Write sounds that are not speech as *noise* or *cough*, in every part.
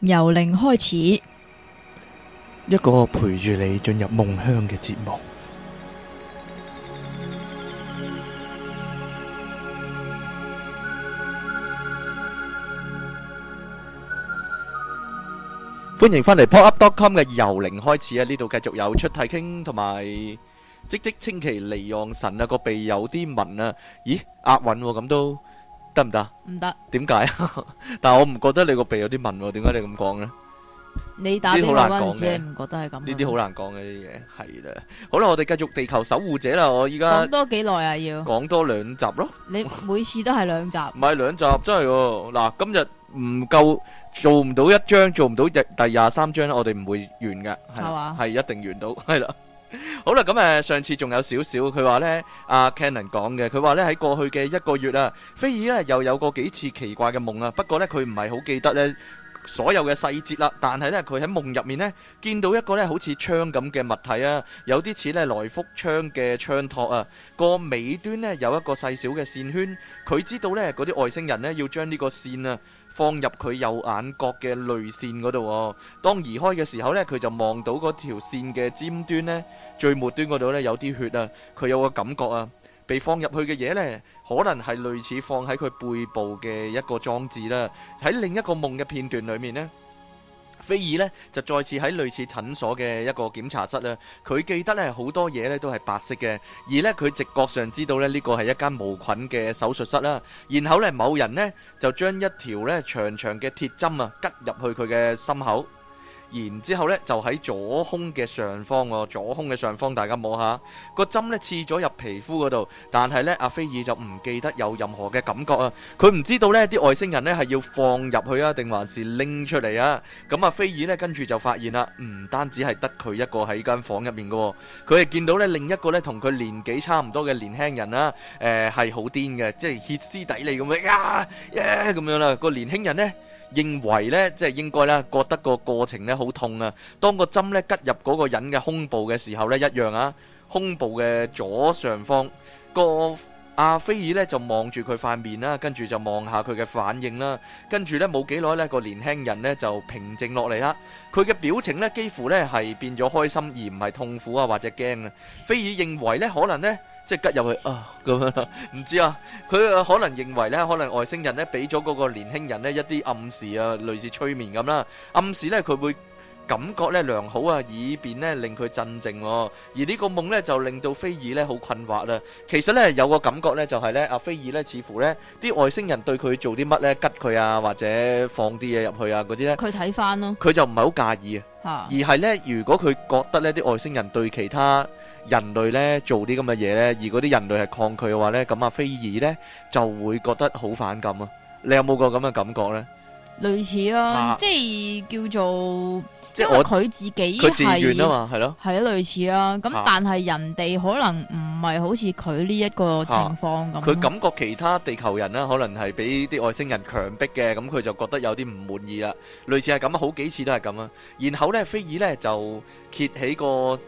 由零開始，一個陪住你進入夢鄉嘅節目。歡迎返嚟 podup.com 嘅由零開始啊！呢度繼續有出太傾同埋積積清奇離岸神啊！個鼻有啲紋啊！咦，押韻咁都。得唔得？唔得。點解啊？但係我唔覺得你個鼻有啲問，點解你咁講呢？你打電話先唔覺得係咁？呢啲好難講嘅啲嘢，係啦。好啦，我哋繼續地球守護者啦。我依家講多幾耐啊？要講多兩集咯。你每次都係兩集？唔係兩集真係喎。嗱，今日唔夠，做唔到一章，做唔到第廿三章，我哋唔會完嘅，係係一定完到，係啦。 *laughs* 好啦，咁誒，上次仲有少少，佢話呢，阿 Cannon 講嘅，佢話呢，喺過去嘅一個月啦，菲爾呢又有過幾次奇怪嘅夢啊，不過呢，佢唔係好記得呢所有嘅細節啦，但係呢，佢喺夢入面呢，見到一個呢好似槍咁嘅物體啊，有啲似呢來福槍嘅槍托啊，個尾端呢，有一個細小嘅線圈，佢知道呢嗰啲外星人呢要將呢個線啊。放入佢右眼角嘅淚腺嗰度，當移開嘅時候呢，佢就望到嗰條線嘅尖端呢，最末端嗰度呢有啲血啊，佢有個感覺啊，被放入去嘅嘢呢，可能係類似放喺佢背部嘅一個裝置啦。喺另一個夢嘅片段裏面呢。菲爾呢就再次喺類似診所嘅一個檢查室啦。佢記得咧好多嘢咧都係白色嘅，而咧佢直覺上知道咧呢個係一間無菌嘅手術室啦。然後咧某人呢就將一條咧長長嘅鐵針啊拮入去佢嘅心口。，然之後咧就喺左胸嘅上方喎，左胸嘅上方，大家摸下個針咧刺咗入皮膚嗰度，但係咧阿菲爾就唔記得有任何嘅感覺啊，佢唔知道咧啲外星人咧係要放入去啊，定還是拎出嚟啊？咁阿菲爾咧跟住就發現啦，唔單止係得佢一個喺間房入面嘅，佢係見到咧另一個咧同佢年紀差唔多嘅年輕人啦，誒係好癲嘅，即係歇斯底里咁樣啊，咁樣啦，個年輕人咧認為咧，即係應該咧，覺得個過程咧好痛啊。當個針咧吉入嗰個人嘅胸部嘅時候咧，一樣啊。胸部嘅左上方，個阿菲爾咧就望住佢塊面啦，跟住就望下佢嘅反應啦。跟住咧冇幾耐咧，個年輕人咧就平靜落嚟啦。佢嘅表情咧幾乎咧係變咗開心，而唔係痛苦啊，或者驚啊。菲爾認為咧，可能咧。即係吉入去啊咁樣咯，唔知啊，佢可能認為呢，可能外星人呢俾咗嗰個年輕人呢一啲暗示啊，類似催眠咁啦，暗示呢佢會感覺呢良好啊，以便呢令佢鎮靜。而呢個夢呢就令到菲爾呢好困惑喇。其實呢有個感覺呢就係呢阿菲爾呢似乎呢啲外星人對佢做啲乜呢，吉佢啊，或者放啲嘢入去啊嗰啲呢。佢睇翻，咯，佢就唔係好介意啊，而係呢如果佢覺得呢啲外星人對其他。人類咧做啲咁嘅嘢咧，而嗰啲人類係抗拒嘅話咧，咁阿菲爾咧就會覺得好反感啊！你有冇個咁嘅感覺咧？類似啊，啊即係叫做，因為佢自己佢自願啊嘛，係咯，係啊，類似啊。咁、啊、但係人哋可能唔係好似佢呢一個情況咁。佢感覺其他地球人啦，可能係俾啲外星人強迫嘅，咁佢就覺得有啲唔滿意啦。類似係咁啊，好幾次都係咁啊。然後咧，菲爾咧就揭起個。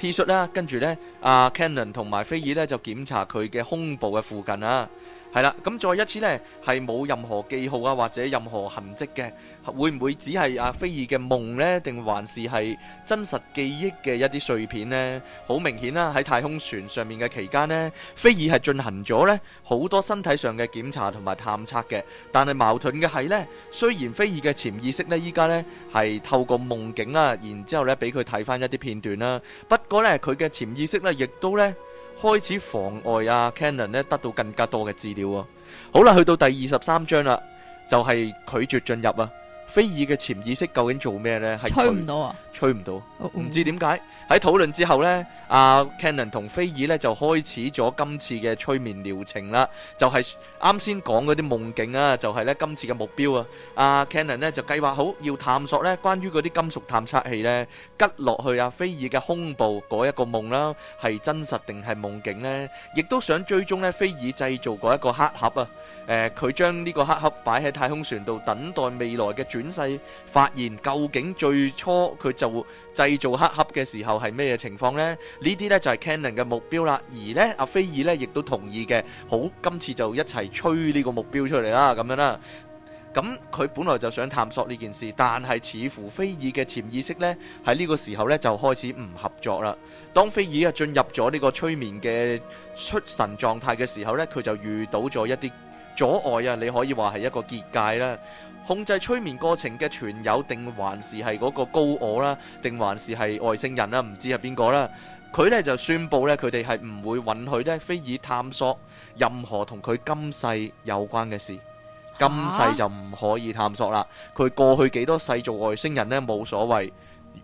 T 恤啦，shirt, 跟住咧，阿、啊、Canon 同埋菲爾咧就檢查佢嘅胸部嘅附近啊。係啦，咁再一次呢，係冇任何記號啊，或者任何痕跡嘅，會唔會只係阿菲爾嘅夢呢？定還是係真實記憶嘅一啲碎片呢？好明顯啦，喺太空船上面嘅期間呢，菲爾係進行咗呢好多身體上嘅檢查同埋探測嘅，但係矛盾嘅係呢，雖然菲爾嘅潛意識呢，依家呢係透過夢境啦，然之後呢俾佢睇返一啲片段啦，不過呢，佢嘅潛意識呢，亦都呢。開始妨礙阿 Cannon 咧得到更加多嘅資料喎、哦。好啦，去到第二十三章啦，就係、是、拒絕進入啊。菲爾嘅潛意識究竟做咩呢？係吹唔到啊！吹唔到，唔、oh, um. 知點解喺討論之後呢，阿、啊、Cannon 同菲爾呢，就開始咗今次嘅催眠療程啦。就係啱先講嗰啲夢境啊，就係、是、呢今次嘅目標啊。阿、啊、Cannon 呢，就計劃好要探索呢關於嗰啲金屬探測器呢。吉落去啊，菲爾嘅胸部嗰一個夢啦，係真實定係夢境呢？亦都想追蹤呢。菲爾製造過一個黑盒啊。誒、呃，佢將呢個黑盒擺喺太空船度，等待未來嘅絕。轉世發現究竟最初佢就製造黑盒嘅時候係咩情況呢？呢啲呢就係 Canon 嘅目標啦。而呢，阿、啊、菲爾呢亦都同意嘅，好今次就一齊吹呢個目標出嚟啦，咁樣啦。咁佢本來就想探索呢件事，但係似乎菲爾嘅潛意識呢喺呢個時候呢就開始唔合作啦。當菲爾啊進入咗呢個催眠嘅出神狀態嘅時候呢，佢就遇到咗一啲。阻礙啊！你可以話係一個結界啦，控制催眠過程嘅傳友定還是係嗰個高我啦，定還是係外星人啦？唔知係邊個啦？佢呢就宣佈呢，佢哋係唔會允許呢菲爾探索任何同佢今世有關嘅事，今世就唔可以探索啦。佢、啊、過去幾多世做外星人呢？冇所謂，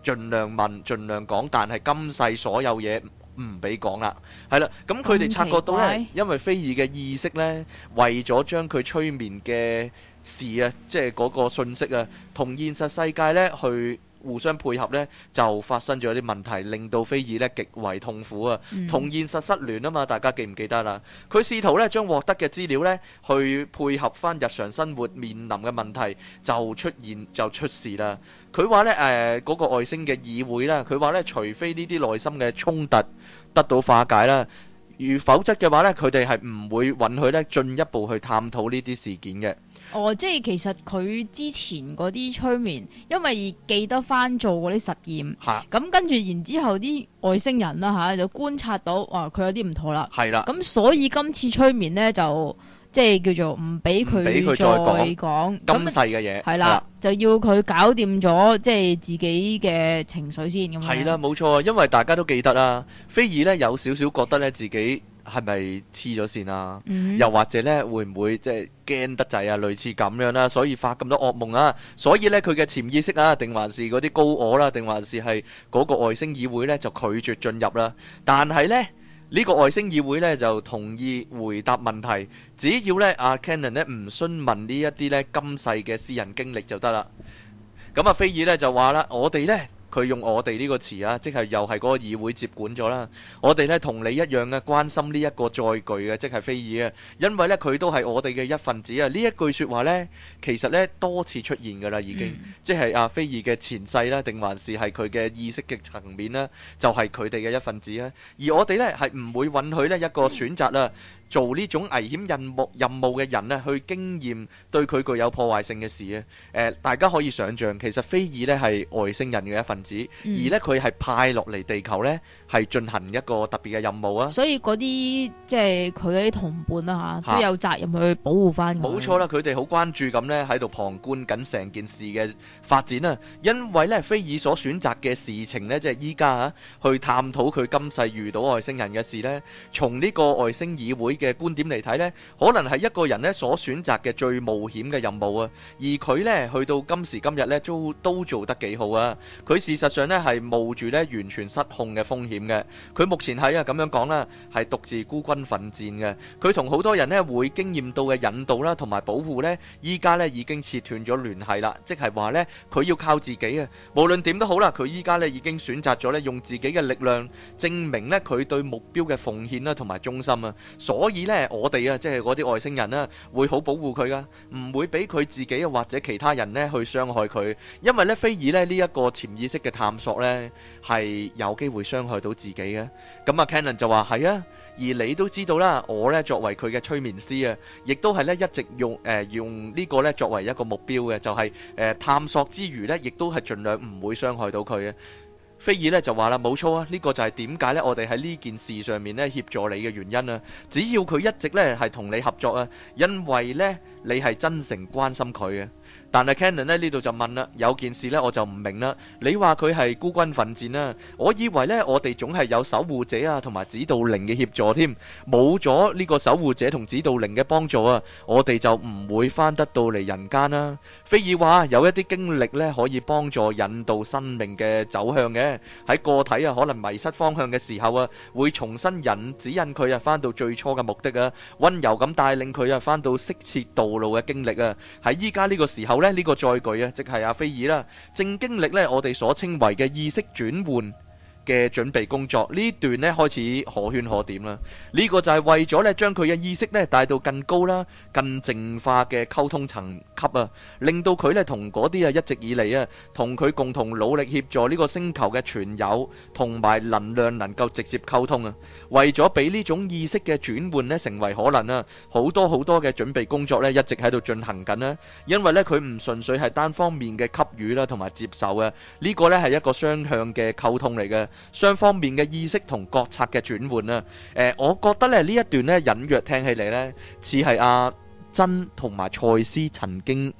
儘量問，儘量講，但係今世所有嘢。唔俾講啦，係啦，咁佢哋察覺到呢，因為菲爾嘅意識呢，為咗將佢催眠嘅事啊，即係嗰個訊息啊，同現實世界呢去，互相配合呢，就發生咗啲問題，令到菲爾呢極為痛苦啊，同現實失聯啊嘛，大家記唔記得啦？佢試圖呢將獲得嘅資料呢，去配合返日常生活面臨嘅問題，就出現就出事啦。佢話呢誒，嗰個外星嘅議會啦，佢話呢除非呢啲內心嘅衝突得到化解啦，如否則嘅話呢，佢哋係唔會允許呢進一步去探討呢啲事件嘅。哦，即係其實佢之前嗰啲催眠，因為記得翻做過啲實驗，係咁的跟住然之後啲外星人啦吓、啊，就觀察到，哦、啊、佢有啲唔妥啦，係啦的，咁所以今次催眠咧就即係叫做唔俾佢，俾佢再講咁細嘅嘢，係啦，的就要佢搞掂咗即係自己嘅情緒先咁。係啦的，冇錯的，因為大家都記得啦，菲爾咧有少少覺得咧自己。係咪黐咗線啊？Mm hmm. 又或者呢，會唔會即係驚得滯啊？類似咁樣啦、啊，所以發咁多惡夢啊。所以呢，佢嘅潛意識啊，定還是嗰啲高我啦、啊，定還是係嗰個外星議會呢？就拒絕進入啦、啊。但係呢，呢、這個外星議會呢，就同意回答問題，只要呢，阿、啊、Cannon 呢，唔詢問一呢一啲呢今世嘅私人經歷就得啦。咁啊，菲爾呢，就話啦，我哋呢……」佢用我哋呢個詞啊，即係又係嗰個議會接管咗啦。我哋呢，同你一樣嘅、啊、關心呢一個載具嘅、啊，即係非爾啊，因為呢，佢都係我哋嘅一份子啊。呢一句説話呢，其實呢，多次出現噶啦，已經、嗯、即係阿、啊、菲爾嘅前世啦、啊，定還是係佢嘅意識嘅層面啦、啊，就係佢哋嘅一份子啊。而我哋呢，係唔會允許呢一個選擇啦、啊。嗯做呢種危險任務任務嘅人咧、啊，去經驗對佢具有破壞性嘅事啊！誒、呃、大家可以想象，其實菲爾咧係外星人嘅一份子，嗯、而咧佢係派落嚟地球咧，係進行一個特別嘅任務啊！所以嗰啲即係佢啲同伴啊都有責任去保護翻。冇錯啦，佢哋好關注咁咧，喺度旁觀緊成件事嘅發展啊！因為咧，菲爾所選擇嘅事情咧，即係依家啊去探討佢今世遇到外星人嘅事咧，從呢個外星議會。嘅觀點嚟睇呢可能係一個人呢所選擇嘅最冒險嘅任務啊！而佢呢，去到今時今日呢，都都做得幾好啊！佢事實上呢，係冒住呢完全失控嘅風險嘅。佢目前係啊咁樣講啦，係獨自孤軍奮戰嘅。佢同好多人呢，會經驗到嘅引導啦，同埋保護呢，依家呢已經切斷咗聯繫啦，即係話呢，佢要靠自己啊！無論點都好啦，佢依家呢已經選擇咗呢，用自己嘅力量證明呢，佢對目標嘅奉獻啦同埋忠心啊！所所以咧，我哋啊，即係嗰啲外星人咧，會好保護佢噶，唔會俾佢自己啊，或者其他人咧去傷害佢，因為咧，菲爾咧呢一個潛意識嘅探索咧，係有機會傷害到自己嘅。咁啊，Cannon 就話係啊，而你都知道啦，我咧作為佢嘅催眠師啊，亦都係咧一直用誒用呢個咧作為一個目標嘅，就係誒探索之餘咧，亦都係儘量唔會傷害到佢啊。菲爾咧就話啦，冇錯啊，呢個就係點解咧，我哋喺呢件事上面咧協助你嘅原因啊。只要佢一直咧係同你合作啊，因為咧你係真誠關心佢嘅。但係 Cannon 咧呢度就問啦，有件事呢我就唔明啦。你話佢係孤軍奮戰啦，我以為呢我哋總係有守護者啊同埋指導靈嘅協助添。冇咗呢個守護者同指導靈嘅幫助啊，我哋就唔會翻得到嚟人間啦。菲爾話有一啲經歷呢，可以幫助引導生命嘅走向嘅，喺個體啊可能迷失方向嘅時候啊，會重新引指引佢啊翻到最初嘅目的啊，温柔咁帶領佢啊翻到適切道路嘅經歷啊，喺依家呢個時候。後呢，呢個載具啊，即係阿飛爾啦，正經歷呢，我哋所稱為嘅意識轉換。嘅準備工作呢，段呢開始可圈可點啦，呢個就係為咗咧將佢嘅意識咧帶到更高啦、更淨化嘅溝通層級啊，令到佢咧同嗰啲啊一直以嚟啊同佢共同努力協助呢個星球嘅存有同埋能量能夠直接溝通啊，為咗俾呢種意識嘅轉換咧成為可能啊，好多好多嘅準備工作咧一直喺度進行緊啦，因為咧佢唔純粹係單方面嘅給予啦同埋接受嘅，呢個咧係一個雙向嘅溝通嚟嘅。雙方面嘅意識同覺察嘅轉換啊！誒、呃，我覺得咧呢一段咧隱約聽起嚟咧似係阿珍同埋賽斯曾經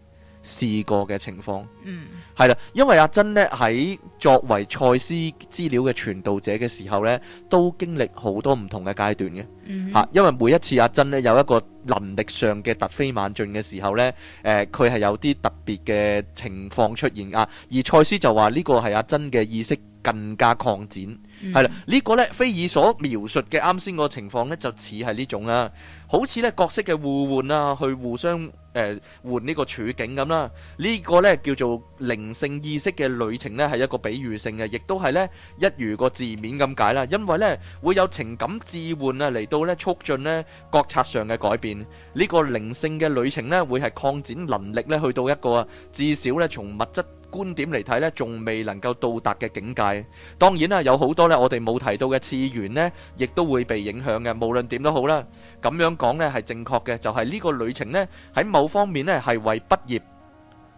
試過嘅情況。嗯，係啦，因為阿珍咧喺作為賽斯資料嘅傳導者嘅時候咧，都經歷好多唔同嘅階段嘅。嗯、啊，因為每一次阿珍咧有一個能力上嘅突飛猛進嘅時候咧，誒、呃，佢係有啲特別嘅情況出現啊。而賽斯就話呢個係阿珍嘅意識。更加擴展，係啦，呢個呢，菲爾所描述嘅啱先個情況呢，就似係呢種啦，好似呢角色嘅互換啊，去互相誒換呢個處境咁啦。呢個呢，叫做靈性意識嘅旅程呢，係一個比喻性嘅，亦都係呢一如個字面咁解啦。因為呢，會有情感置換啊，嚟到呢，促進呢覺察上嘅改變。呢個靈性嘅旅程呢，會係擴展能力呢，去到一個至少呢，從物質觀點嚟睇呢，仲未能夠到達嘅境界。當然啦，有好多呢，我哋冇提到嘅次元呢，亦都會被影響嘅。無論點都好啦，咁樣講呢係正確嘅，就係呢個旅程呢喺某方面呢係為畢業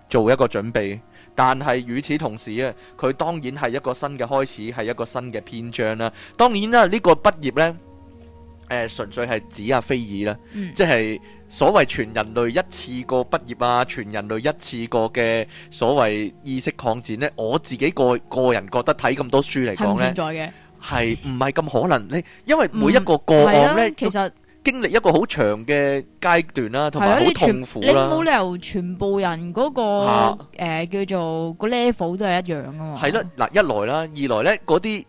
做一個準備。但係與此同時啊，佢當然係一個新嘅開始，係一個新嘅篇章啦。當然啦，呢個畢業呢，誒純粹係指阿菲爾啦，即係。所謂全人類一次過畢業啊，全人類一次過嘅所謂意識擴展呢，我自己個個人覺得睇咁多書嚟講呢，係唔係咁可能咧？因為每一個個案呢，嗯、其實都經歷一個好長嘅階段啦，同埋好痛苦啦。你冇理由全部人嗰、嗰個、啊呃、叫做個 level 都係一樣啊。嘛？係咯，嗱一來啦，二來呢嗰啲。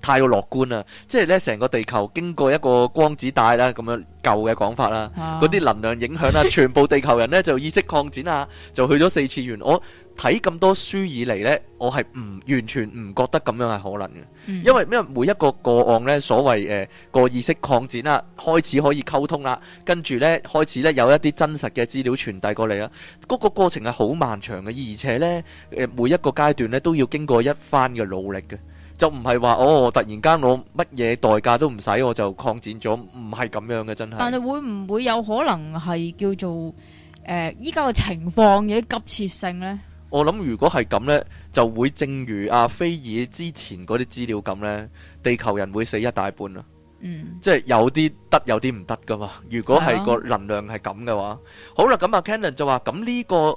太樂觀啦，即係咧成個地球經過一個光子帶啦，咁樣舊嘅講法啦，嗰啲、啊、能量影響啦， *laughs* 全部地球人呢就意識擴展啊，就去咗四次元。我睇咁多書以嚟呢，我係唔完全唔覺得咁樣係可能嘅，嗯、因為咩？每一個個案呢，所謂誒個意識擴展啦，開始可以溝通啦，跟住呢，開始呢有一啲真實嘅資料傳遞過嚟啦，嗰、嗰個過程係好漫長嘅，而且呢，誒、呃、每一個階段呢都要經過一番嘅努力嘅。就唔係話哦，突然間我乜嘢代價都唔使，我就擴展咗，唔係咁樣嘅，真係。但係會唔會有可能係叫做誒依家嘅情況嘅急切性呢？我諗如果係咁呢，就會正如阿菲爾之前嗰啲資料咁呢，地球人會死一大半啊！嗯，即係有啲得，有啲唔得噶嘛。如果係個能量係咁嘅話，嗯、好啦，咁阿 Cannon 就話咁呢個。嗯嗯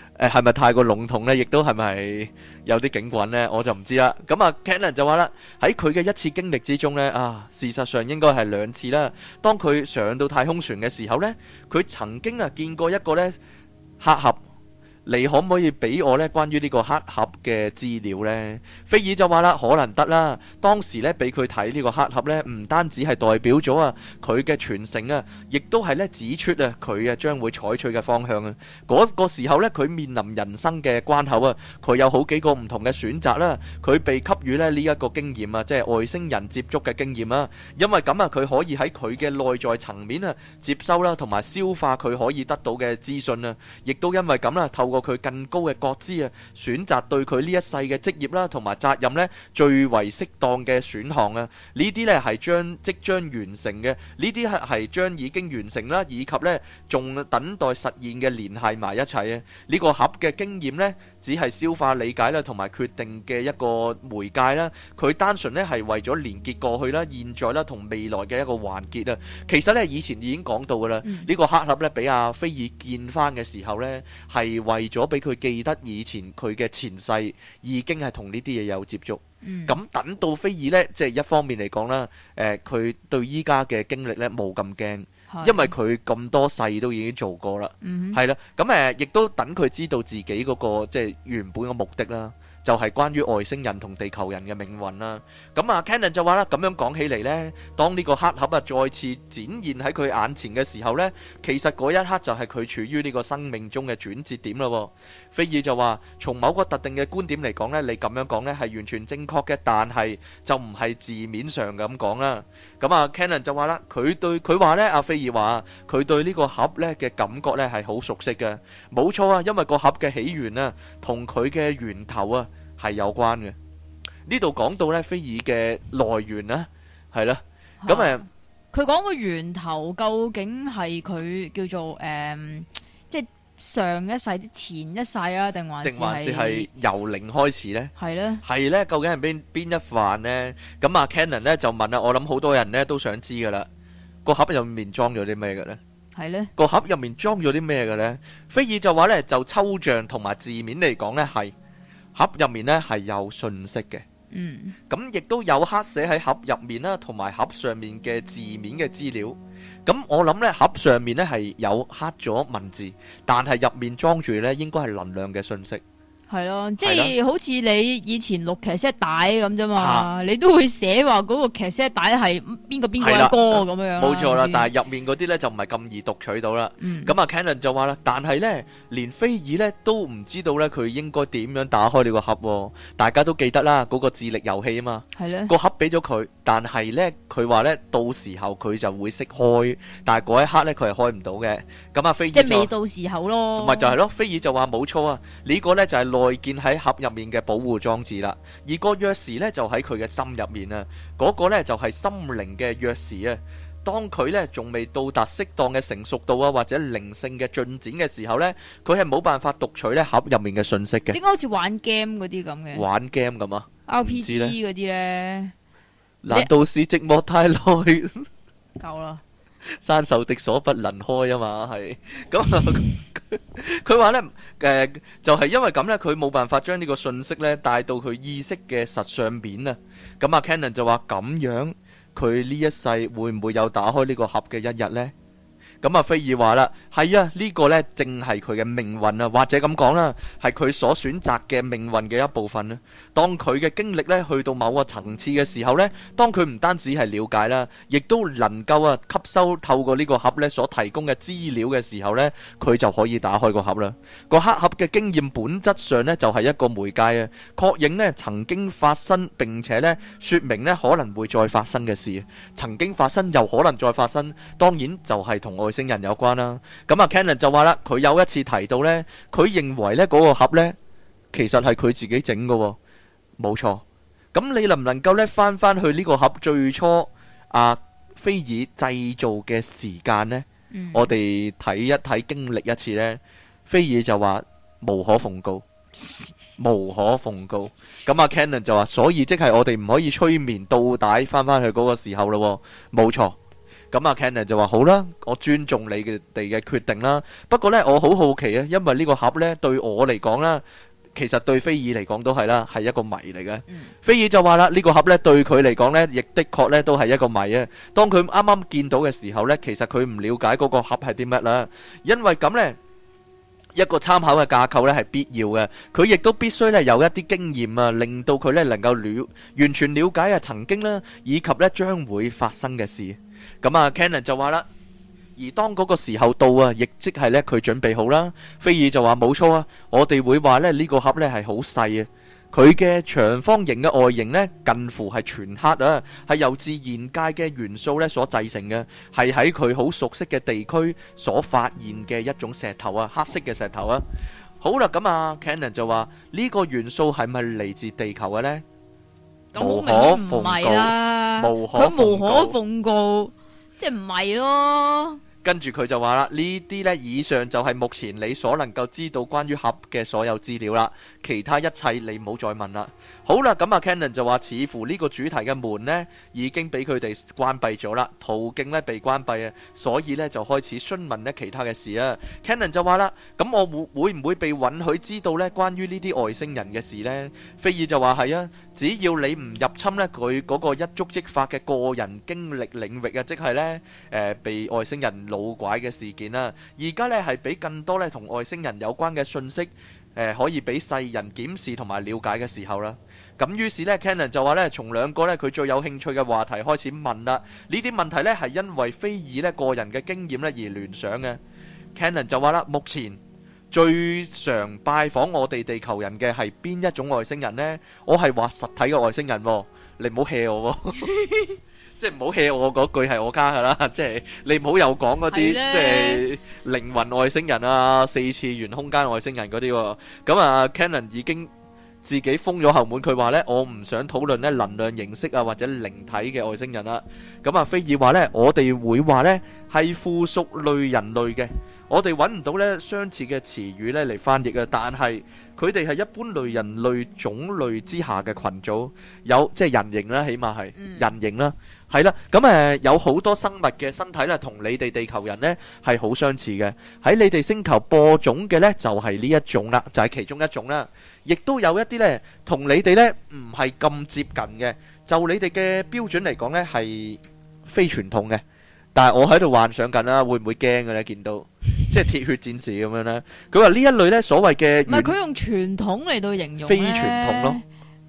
誒係咪太過籠統呢？亦都係咪有啲警棍呢？我就唔知啦。咁啊，Cannon 就話啦，喺佢嘅一次經歷之中呢，啊，事實上應該係兩次啦。當佢上到太空船嘅時候呢，佢曾經啊見過一個呢，黑盒。你可唔可以俾我咧關於呢個黑盒嘅資料呢？菲爾就話啦，可能得啦。當時咧俾佢睇呢個黑盒呢，唔單止係代表咗啊佢嘅傳承啊，亦都係咧指出啊佢啊將會採取嘅方向啊。嗰、那個時候呢，佢面臨人生嘅關口啊，佢有好幾個唔同嘅選擇啦、啊。佢被給予咧呢一個經驗啊，即係外星人接觸嘅經驗啊。因為咁啊，佢可以喺佢嘅內在層面啊接收啦、啊，同埋消化佢可以得到嘅資訊啊。亦都因為咁啦、啊，透過佢更高嘅覺知啊，選擇對佢呢一世嘅職業啦，同埋責任呢，最為適當嘅選項啊！呢啲呢係將即將完成嘅，呢啲係係將已經完成啦，以及呢仲等待實現嘅連繫埋一齊啊！呢、這個盒嘅經驗呢，只係消化理解啦，同埋決定嘅一個媒介啦。佢單純呢係為咗連結過去啦、現在啦同未來嘅一個環節啊！其實呢，以前已經講到㗎啦，呢、嗯、個黑盒呢，俾阿菲爾見翻嘅時候呢，係為為咗俾佢記得以前佢嘅前世，已經係同呢啲嘢有接觸。咁、嗯、等到菲爾呢，即係一方面嚟講啦，誒，佢對依家嘅經歷呢冇咁驚，是因為佢咁多世都已經做過啦，係啦、嗯哼。咁誒，亦都等佢知道自己嗰個即係原本嘅目的啦。就係關於外星人同地球人嘅命運啦。咁啊，Cannon 就話啦，咁樣講起嚟呢，當呢個黑盒啊再次展現喺佢眼前嘅時候呢，其實嗰一刻就係佢處於呢個生命中嘅轉折點咯。菲爾就話：從某個特定嘅觀點嚟講呢，你咁樣講呢係完全正確嘅，但係就唔係字面上咁講啦。咁啊，Cannon 就話啦，佢對佢話呢，阿菲爾話佢對呢個盒呢嘅感覺呢係好熟悉嘅，冇錯啊，因為個盒嘅起源啊同佢嘅源頭啊。係有關嘅，呢度講到咧菲爾嘅來源咧，係啦，咁誒，佢講個源頭究竟係佢叫做誒、嗯，即係上一世前一世啊，定還是定還是係由零開始咧？係咧的，係咧，究竟係邊邊一範咧？咁啊，Cannon 咧就問啦，我諗好多人咧都想知噶啦，個盒入面裝咗啲咩嘅咧？係咧的，個盒入面裝咗啲咩嘅咧？菲爾就話咧，就抽象同埋字面嚟講咧係。盒入面咧係有信息嘅，咁亦都有刻寫喺盒入面啦，同埋盒上面嘅字面嘅資料。咁我諗咧，盒上面咧係有刻咗文字，但係入面裝住咧應該係能量嘅信息。係咯，即係好似你以前錄劇 set 帶咁啫嘛，你都會寫話嗰個劇 set 帶係邊個邊個歌咁樣，冇錯啦，但係入面嗰啲咧就唔係咁易讀取到啦。咁啊，Cannon 就話啦，但係咧，連飛爾咧都唔知道咧，佢應該點樣打開呢個盒。大家都記得啦，嗰個智力遊戲啊嘛。係咧，個盒俾咗佢，但係咧，佢話咧，到時候佢就會識開，但係嗰一刻咧，佢係開唔到嘅。咁啊，飛爾，即係未到時候咯，咪就係咯，飛爾就就話冇錯啊，呢個咧就係外建喺盒入面嘅保護裝置啦，而個鑰匙咧就喺佢嘅心入面啊，嗰個咧就係心靈嘅鑰匙啊。當佢咧仲未到達適當嘅成熟度啊，或者靈性嘅進展嘅時候咧，佢係冇辦法讀取呢盒入面嘅信息嘅。點解好似玩 game 嗰啲咁嘅？玩 game 咁啊？RPG 嗰啲咧，難道是寂寞太耐夠啦？山壽敵所不能開啊嘛，係咁佢話呢，誒、呃、就係、是、因為咁呢，佢冇辦法將呢個信息呢帶到佢意識嘅實上面 *laughs* 啊。咁阿 Canon 就話咁樣，佢呢一世會唔會有打開呢個盒嘅一日呢？咁啊，菲爾話啦：係啊，呢個咧正係佢嘅命運啊，或者咁講啦，係佢所選擇嘅命運嘅一部分啦。當佢嘅經歷咧去到某個層次嘅時候咧，當佢唔單止係了解啦，亦都能夠啊吸收透過呢個盒咧所提供嘅資料嘅時候咧，佢就可以打開個盒啦。個黑盒嘅經驗本質上咧就係一個媒介啊，確認咧曾經發生並且咧說明咧可能會再發生嘅事，曾經發生又可能再發生，當然就係同我星人有關啦、啊，咁阿 Cannon 就話啦，佢有一次提到呢，佢認為呢嗰個盒呢，其實係佢自己整嘅、哦，冇錯。咁你能唔能夠呢？翻翻去呢個盒最初阿、啊、菲爾製造嘅時間呢？嗯、我哋睇一睇經歷一次呢，菲爾就話無可奉告，無可奉告。咁阿 Cannon 就話，所以即係我哋唔可以催眠倒帶翻翻去嗰個時候咯、哦，冇錯。咁阿 Cannon 就話好啦，我尊重你嘅哋嘅決定啦。不過呢，我好好奇啊，因為呢個盒呢，對我嚟講啦，其實對菲爾嚟講都係啦，係一個謎嚟嘅。嗯、菲爾就話啦，呢、呢個盒呢，對佢嚟講呢，亦的確呢，都係一個謎啊。當佢啱啱見到嘅時候呢，其實佢唔了解嗰個盒係啲乜啦，因為咁呢，一個參考嘅架構呢係必要嘅。佢亦都必須呢有一啲經驗啊，令到佢呢能夠了完全了解啊曾經呢，以及呢將會發生嘅事。咁啊 Canon 就話啦，而當嗰個時候到啊，亦即係呢，佢準備好啦。菲爾就話冇錯啊，我哋會話呢，呢個盒呢係好細啊，佢嘅長方形嘅外形呢，近乎係全黑啊，係由自然界嘅元素呢所製成嘅，係喺佢好熟悉嘅地區所發現嘅一種石頭啊，黑色嘅石頭啊。好啦，咁啊 Canon 就話呢個元素係咪嚟自地球嘅呢？咁好明顯唔係啦，佢無，無，無可奉告，即係唔係咯。跟住佢就話啦，呢啲咧以上就係目前你所能夠知道關於盒嘅所有資料啦，其他一切你唔好再問啦。好啦，咁啊 Canon 就話似乎呢個主題嘅門咧已經俾佢哋關閉咗啦，途徑咧被關閉啊，所以咧就開始詢問咧其他嘅事啊。Canon 就話啦，咁我會會唔會被允許知道咧關於呢啲外星人嘅事咧？菲爾就話係啊，只要你唔入侵咧佢嗰個一觸即發嘅個人經歷領域啊，即係咧誒被外星人，老怪嘅事件啦，而家咧係俾更多咧同外星人有關嘅信息，誒可以俾世人檢視同埋瞭解嘅時候啦。咁於是咧，Cannon 就話咧，從兩個咧佢最有興趣嘅話題開始問啦。呢啲問題咧係因為非爾咧個人嘅經驗咧而聯想嘅。Cannon 就話啦，目前最常拜訪我哋地球人嘅係邊一種外星人咧？我係話實體嘅外星人喎，你唔好 hea 我喎。即係唔好棄我嗰句係我加㗎喇，即係你唔好又講嗰啲即係靈魂外星人啊、四次元空間外星人嗰啲喎。咁啊，Canon 已經自己封咗後門，佢話呢，我唔想討論呢能量形式啊或者靈體嘅外星人啦。咁啊，菲爾話呢，我哋會話呢係附屬類人類嘅，我哋揾唔到呢相似嘅詞語呢嚟翻譯啊，但係佢哋係一般類人類種類之下嘅羣組，有即係人形啦，起碼係人形啦。係啦，咁誒、嗯嗯嗯、有好多生物嘅身體咧，同你哋地球人咧係好相似嘅。喺你哋星球播種嘅呢，就係、是、呢一種啦，就係、是、其中一種啦。亦都有一啲呢，同你哋呢唔係咁接近嘅，就你哋嘅標準嚟講呢，係非傳統嘅。但係我喺度幻想緊啦，會唔會驚嘅呢？見到即係鐵血戰士咁樣呢，佢話呢一類呢所謂嘅，唔係，佢用傳統嚟到形容，非傳統咯。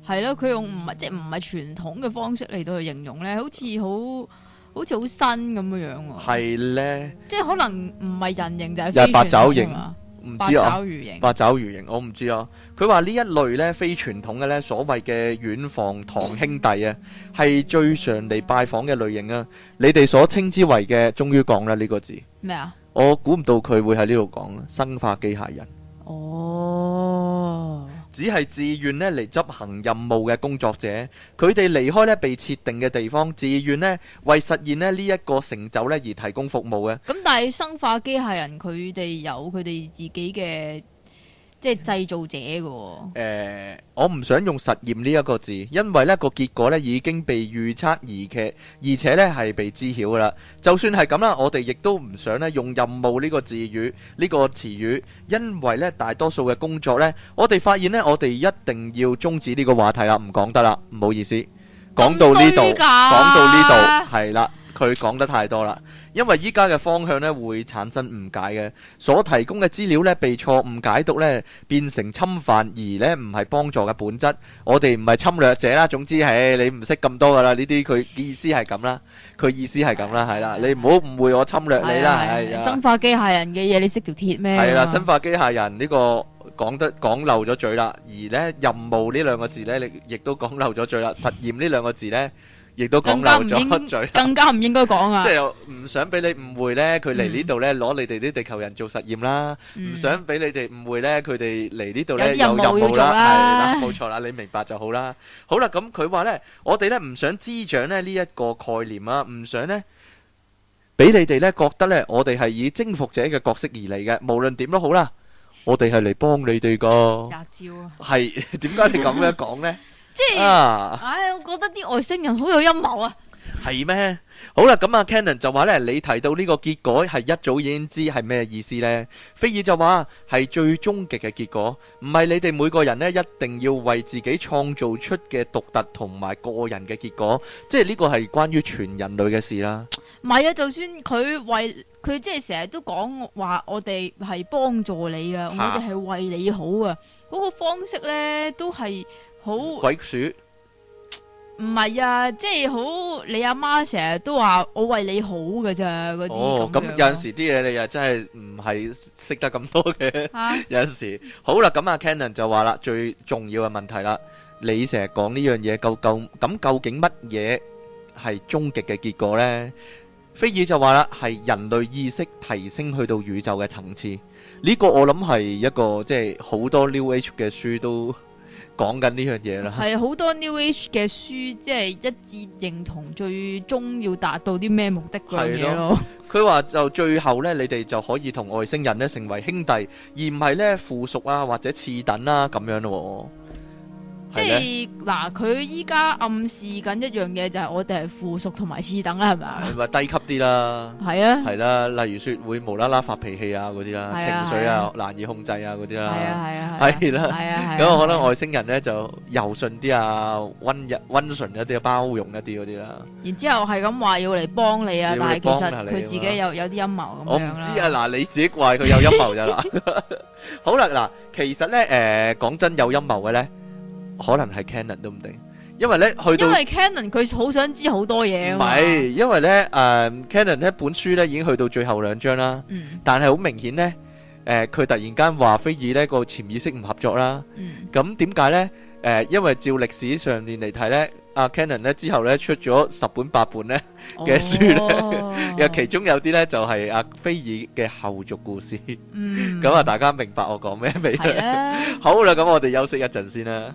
係咯，佢用唔係即係唔係傳統嘅方式嚟到去形容咧，好似好好似好新咁樣樣喎。係咧呢，即係可能唔係人形就係、係、八爪形，唔知啊，八爪魚形。八爪魚形，我唔知啊。佢話呢一類咧，非傳統嘅咧，所謂嘅遠房堂兄弟 *laughs* 啊，係最常嚟拜訪嘅類型啊。你哋所稱之為嘅，終於講啦呢個字咩啊？我估唔到佢會喺呢度講生化機械人。哦。只係自願呢嚟執行任務嘅工作者，佢哋離開呢被設定嘅地方，自願呢為實現呢呢一個成就呢而提供服務嘅。咁、嗯、但係生化機械人佢哋有佢哋自己嘅。即係製造者嘅。誒、欸，我唔想用實驗呢一個字，因為呢個結果呢已經被預測而嘅，而且呢係被知曉噶啦。就算係咁啦，我哋亦都唔想呢用任務呢個字語呢、呢個詞語，因為呢，大多數嘅工作呢，我哋發現呢，我哋一定要終止呢個話題啦，唔講得啦，唔好意思。講到呢度，講到呢度，係啦。佢講得太多啦，因為依家嘅方向呢會產生誤解嘅，所提供嘅資料呢，被錯誤解讀呢，變成侵犯，而呢唔係幫助嘅本質。我哋唔係侵略者啦。總之，誒、哎、你唔識咁多噶啦，呢啲佢意思係咁啦，佢 *laughs* 意思係咁啦，係啦，你唔好誤會我侵略你啦。生、 *laughs* 哎、化機械人嘅嘢你識條鐵咩？係啦，生化機械人呢個講得講漏咗嘴啦，而呢任務呢兩個字呢，你亦都講漏咗嘴啦。實驗呢兩個字呢， *laughs* 亦都講漏咗嘴，更加唔應該講啊！即係唔想俾你誤會咧，佢嚟呢度咧攞你哋啲地球人做實驗啦，唔想俾你哋誤會咧，佢哋嚟呢度咧有任務啦，係啦，冇錯啦，你明白就好啦。好啦，咁佢話咧，我哋咧唔想滋長咧呢一個概念啊，唔想咧俾你哋咧覺得咧，我哋係以征服者嘅角色而嚟嘅，無論點都好啦，我哋係嚟幫你哋個。廿招啊！係點解你咁樣講咧？即係，唉，我覺得啲外星人好有陰謀啊！係咩？好啦，咁啊 Cannon 就話咧，你提到呢個結果係一早已經知係咩意思呢？菲爾就話係最終極嘅結果，唔係你哋每個人咧一定要為自己創造出嘅獨特同埋個人嘅結果，即係呢個係關於全人類嘅事啦。唔係啊，就算佢為佢即係成日都講話，我哋係幫助你啊，我哋係為你好啊，嗰個方式呢，都係。好鬼鼠，唔係啊！即係好，你阿媽成日都話我為你好㗎咋，嗰啲咁。哦，咁有陣時啲嘢你又真係唔係識得咁多嘅。啊，有陣時好啦，咁啊，Cannon 就話啦，最重要嘅問題啦，你成日講呢樣嘢，究究，咁究竟乜嘢係終極嘅結果咧？菲爾就話啦，係人類意識提升去到宇宙嘅層次，呢個我諗係一個即係好多 New Age 嘅書都。講緊呢樣嘢啦，係好多 New Age 嘅書，即係一致認同最終要達到啲咩目的嘅咯。佢話就最後咧，你哋就可以同外星人咧成為兄弟，而唔係咧附屬啊或者次等啦、啊、咁樣咯、哦。即係嗱，佢依家暗示緊一樣嘢，就係我哋係附屬同埋次等啦，係咪啊？係咪低級啲啦，係啊，係啦。例如說會無啦啦發脾氣啊，嗰啲啦，情緒啊難以控制啊，嗰啲啦，係啦。咁可能外星人咧就柔順啲啊，溫溫溫順一啲，包容一啲嗰啲啦。然之後係咁話要嚟幫你啊，但係其實佢自己有有啲陰謀咁樣啦。我唔知啊，嗱，你自己怪佢有陰謀咋啦？好啦，嗱，其實咧，誒，講真有陰謀嘅咧。可能係 Canon 都唔定，因為咧去到，因為 Canon 佢好想知好多嘢。唔係，因為咧誒 Canon 呢本書咧已經去到最後兩章啦。嗯。但係好明顯咧，誒佢突然間話菲爾咧個潛意識唔合作啦。嗯。咁點解咧？誒，因為照歷史上面嚟睇咧，阿 Canon 咧之後咧出咗十本八本咧嘅書咧，有其中有啲咧就係阿菲爾嘅後續故事。嗯。咁啊，大家明白我講咩未？係啊。好啦，咁我哋休息一陣先啦。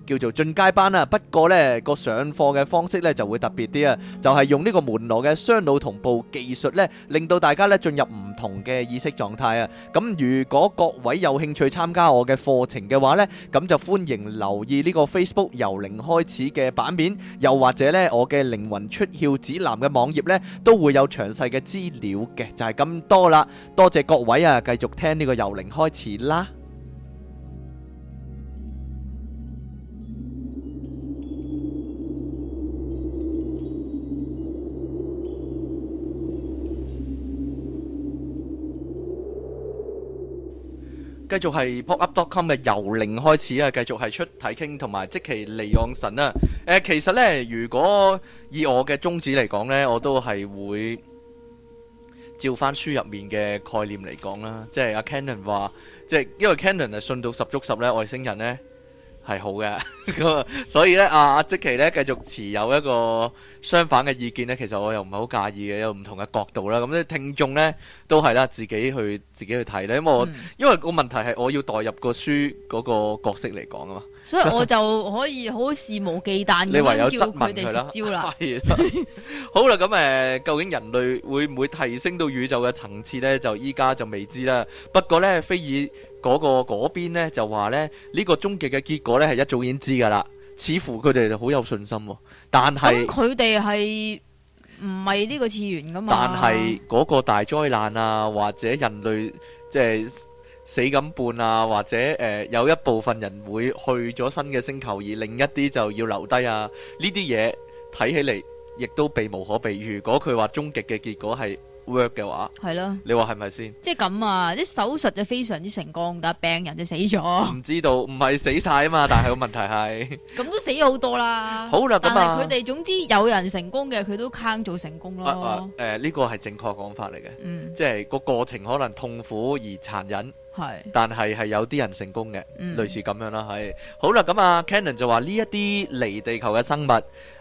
叫做進階班啊，不過呢個上課嘅方式呢就會特別啲啊，就係用呢個門羅嘅雙腦同步技術呢，令到大家呢進入唔同嘅意識狀態啊。咁如果各位有興趣參加我嘅課程嘅話呢，咁就歡迎留意呢個 Facebook 由零開始嘅版面，又或者呢我嘅靈魂出竅指南嘅網頁呢都會有詳細嘅資料嘅，就係咁多啦。多謝各位啊，繼續聽呢個由零開始啦。繼續係 popup.com 由零開始啊！繼續係出體傾同埋即其利岸神啊！誒、呃，其實呢，如果以我嘅宗旨嚟講呢，我都係會照翻書入面嘅概念嚟講啦。即係阿、啊、c a n o n 話，即係因為 Cannon 係信到十足十呢外星人呢。係好嘅，咁 *laughs* 啊，所以咧，阿阿即奇咧繼續持有一個相反嘅意見咧，其實我又唔係好介意嘅，有唔同嘅角度啦。咁、嗯、咧聽眾咧都係啦，自己去自己去睇咧，因為我、嗯、因為個問題係我要代入個書嗰個角色嚟講啊嘛，所以我就可以好肆無忌憚咁樣叫佢哋招啦。好啦，咁、嗯、誒，究竟人類會唔會提升到宇宙嘅層次咧？就依家就未知啦。不過咧，非爾。嗰個嗰邊呢就話呢，呢個終極嘅結果呢，係一早已經知噶啦，似乎佢哋就好有信心喎。但係，佢哋係唔係呢個次元噶嘛？但係嗰個大災難啊，或者人類即係死咁半啊，或者呃有一部分人會去咗新嘅星球，而另一啲就要留低啊。呢啲嘢睇起嚟亦都避無可避。如果佢話終極嘅結果係，work 嘅話係咯，的你話係咪先？即係咁啊，啲手術就非常之成功，但病人就死咗。唔知道，唔係死晒啊嘛， *laughs* 但係個問題係咁 *laughs* 都死咗好多了啦。好啦，咁啊，係佢哋總之有人成功嘅，佢都坑做成功咯。誒、啊，呢、啊呃這個係正確講法嚟嘅。嗯，即係個過程可能痛苦而殘忍。係，但係係有啲人成功嘅，嗯、類似咁樣啦。係好啦，咁啊，Cannon 就話呢一啲離地球嘅生物，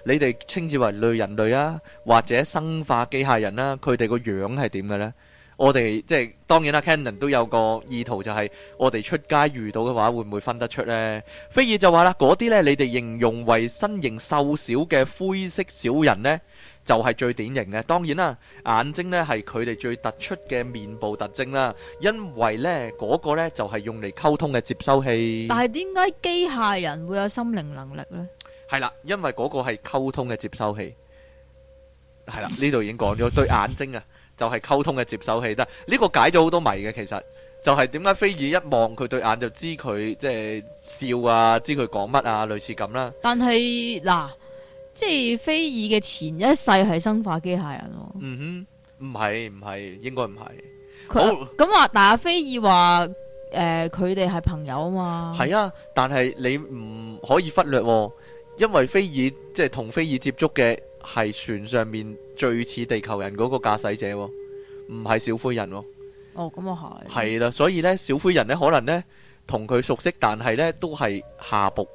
你哋稱之為類人類啊，或者生化機械人啦、啊，佢哋個樣係點嘅呢？我哋即係當然啦，Cannon 都有個意圖就係、是、我哋出街遇到嘅話，會唔會分得出呢？菲爾就話啦，嗰啲呢，你哋形容為身形瘦小嘅灰色小人呢。就係最典型嘅，當然啦，眼睛咧係佢哋最突出嘅面部特徵啦，因為咧嗰個咧就係用嚟溝通嘅接收器。但係點解機械人會有心靈能力咧？係啦，因為嗰個係溝通嘅接收器，係啦，呢度已經講咗對眼睛啊，就係溝通嘅接收器。但係呢個解咗好多謎嘅，其實就係點解菲爾一望佢對眼就知佢即係笑啊，知佢講乜啊，類似咁啦。但係嗱。即係菲爾嘅前一世係生化機械人咯、哦。嗯哼，唔係唔係，應該唔係。他好咁話，但係菲爾話，誒，佢哋係朋友啊嘛。係啊，但係、呃啊、你唔可以忽略、哦，因為菲爾即係同菲爾接觸嘅係船上面最似地球人嗰個駕駛者、哦，唔係小灰人。哦，咁、哦嗯、啊係。係啦、啊，所以咧，小灰人咧可能咧同佢熟悉，但係咧都係下僕，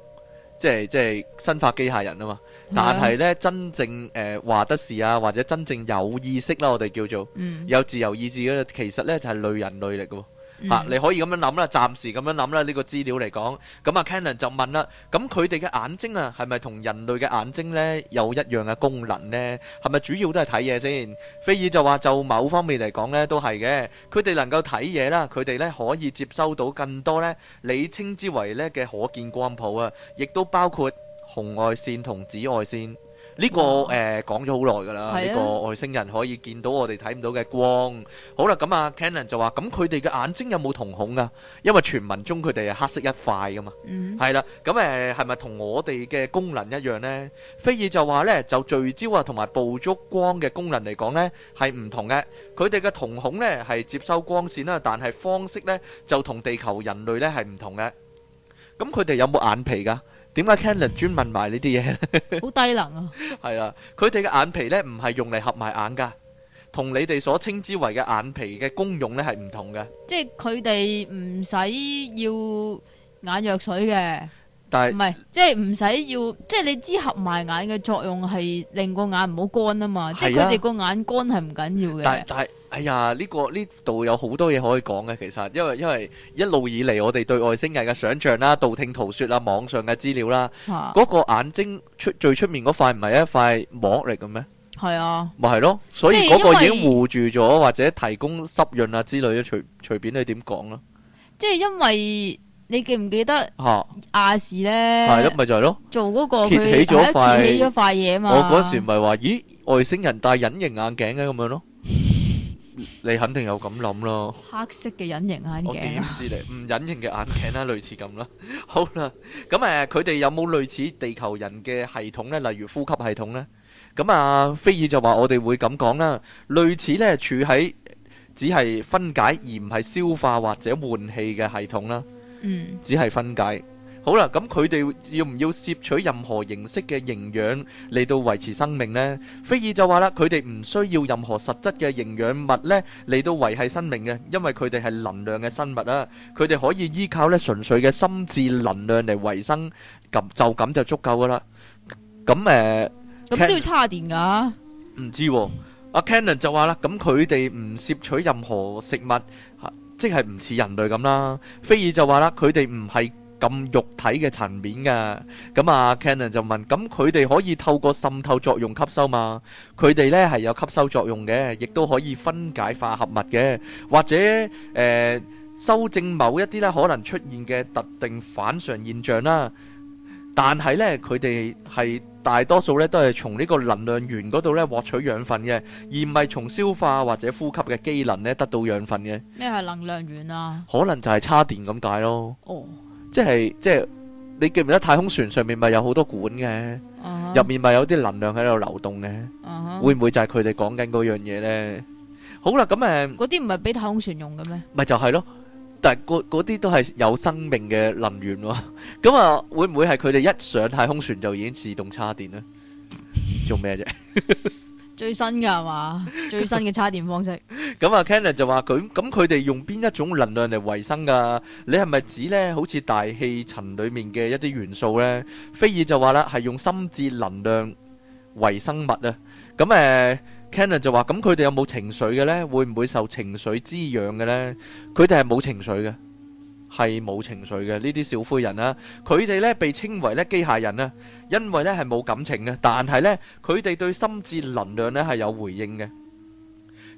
即係即係生化機械人啊嘛。但係咧，真正誒話得事啊，或者真正有意識啦、啊，我哋叫做、嗯、有自由意志嘅，其實咧就係、是、類人類嚟嘅、啊。嗯、啊，你可以咁樣諗啦，暫時咁樣諗啦，呢、這個資料嚟講。咁啊 Cannon 就問啦，咁佢哋嘅眼睛啊，係咪同人類嘅眼睛咧有一樣嘅功能呢？係咪主要都係睇嘢先？菲爾就話，就某方面嚟講咧，都係嘅。佢哋能夠睇嘢啦，佢哋咧可以接收到更多咧，你稱之為咧嘅可見光譜啊，亦都包括，紅外線同紫外線呢、呢個誒講咗好耐㗎啦，呢個外星人可以見到我哋睇唔到嘅光。好啦，咁啊，Canon 就話：咁佢哋嘅眼睛有冇瞳孔㗎？因為傳聞中佢哋係黑色一塊㗎嘛。嗯，係啦、嗯，咁誒係咪同我哋嘅功能一樣呢？菲爾就話，呢就聚焦啊同埋捕捉光嘅功能嚟講呢，係唔同嘅。佢哋嘅瞳孔呢係接收光線啦，但係方式呢就同地球人類呢係唔同嘅。咁佢哋有冇眼皮㗎？點解 Cannon 專問埋呢啲嘢？好低能啊！係啦，佢哋嘅眼皮咧，唔係用嚟合埋眼㗎，同你哋所稱之為嘅眼皮嘅功用咧係唔同嘅。即係佢哋唔使要眼藥水嘅。唔係但，即係唔使要，即係你知合埋眼嘅作用係令個眼唔好乾啊嘛，啊，即係佢哋個眼乾係唔緊要嘅。但係，哎呀，呢、呢個呢度、呢個、有好多嘢可以講嘅，其實因為因為一路以嚟我哋對外星人嘅想象啦、道聽途說啦、網上嘅資料啦，嗰、啊、個眼睛出最出面嗰塊唔係一塊膜嚟嘅咩？係啊，咪係咯，所以嗰個已經護住咗或者提供濕潤啊之類嘅，隨隨，隨便你點講咯。即係因為。你記唔記得亞視咧？係咯，咪就係咯，做嗰個佢揭起咗塊，揭起咗塊嘢嘛。我嗰時咪話咦，外星人戴隱形眼鏡嘅咁樣咯。你肯定有咁諗咯，黑色嘅隱形眼鏡啊。我點知你，唔隱形嘅眼鏡啦，類似咁啦。好啦，咁誒，佢哋有冇類似地球人嘅系統咧？例如呼吸系統咧？咁啊，菲爾就話我哋會咁講啦。類似咧，處喺只係分解而唔係消化或者換氣嘅系統啦。只係分解。好啦，咁佢哋要唔要攝取任何形式嘅營養嚟到維持生命呢？菲爾就話啦，佢哋唔需要任何實質嘅營養物呢嚟到維繫生命嘅，因為佢哋係能量嘅生物啦。佢哋可以依靠呢純粹嘅心智能量嚟維生，咁就咁就足夠噶啦。咁誒，咁都要叉電噶？唔知阿 Cannon 就話啦，咁佢哋唔攝取任何食物。即係唔似人類咁啦，菲爾就話啦，佢哋唔係咁肉體嘅層面㗎。咁啊，Cannon 就問：咁佢哋可以透過滲透作用吸收嘛？佢哋呢係有吸收作用嘅，亦都可以分解化合物嘅，或者誒修正某一啲呢可能出現嘅特定反常現象啦。但係呢，佢哋係，大多數咧都係從呢個能量源嗰度咧獲取養分嘅，而唔係從消化或者呼吸嘅機能咧得到養分嘅。咩係能量源啊？可能就係叉電咁解咯。哦，即係即係，你記唔記得太空船上面咪有好多管嘅，入面咪有啲能量喺度流動嘅。哦，會唔會就係佢哋講緊嗰樣嘢咧？好啦，咁誒，嗰啲唔係俾太空船用嘅咩？咪就係咯。但係嗰啲都係有生命嘅能源喎，哦，咁 *laughs* 啊會唔會係佢哋一上太空船就已經自動差電咧？ *laughs* 做咩啫 *laughs* ？最新㗎係嘛？最新嘅差電方式。咁 *laughs* 啊， *laughs* 啊 Cannon 就話佢，咁佢哋用邊一種能量嚟維生㗎？你係咪指呢？好似大氣層裡面嘅一啲元素呢？菲爾就話啦，係用心智能量維生物啊。咁啊。啊。k e n o n 就話：咁佢哋有冇情緒嘅呢？會唔會受情緒滋養嘅呢？佢哋係冇情緒嘅，係冇情緒嘅呢啲小灰人啊。佢哋呢，被稱為咧機械人啊，因為呢係冇感情嘅。但係呢，佢哋對心智能量呢係有回應嘅。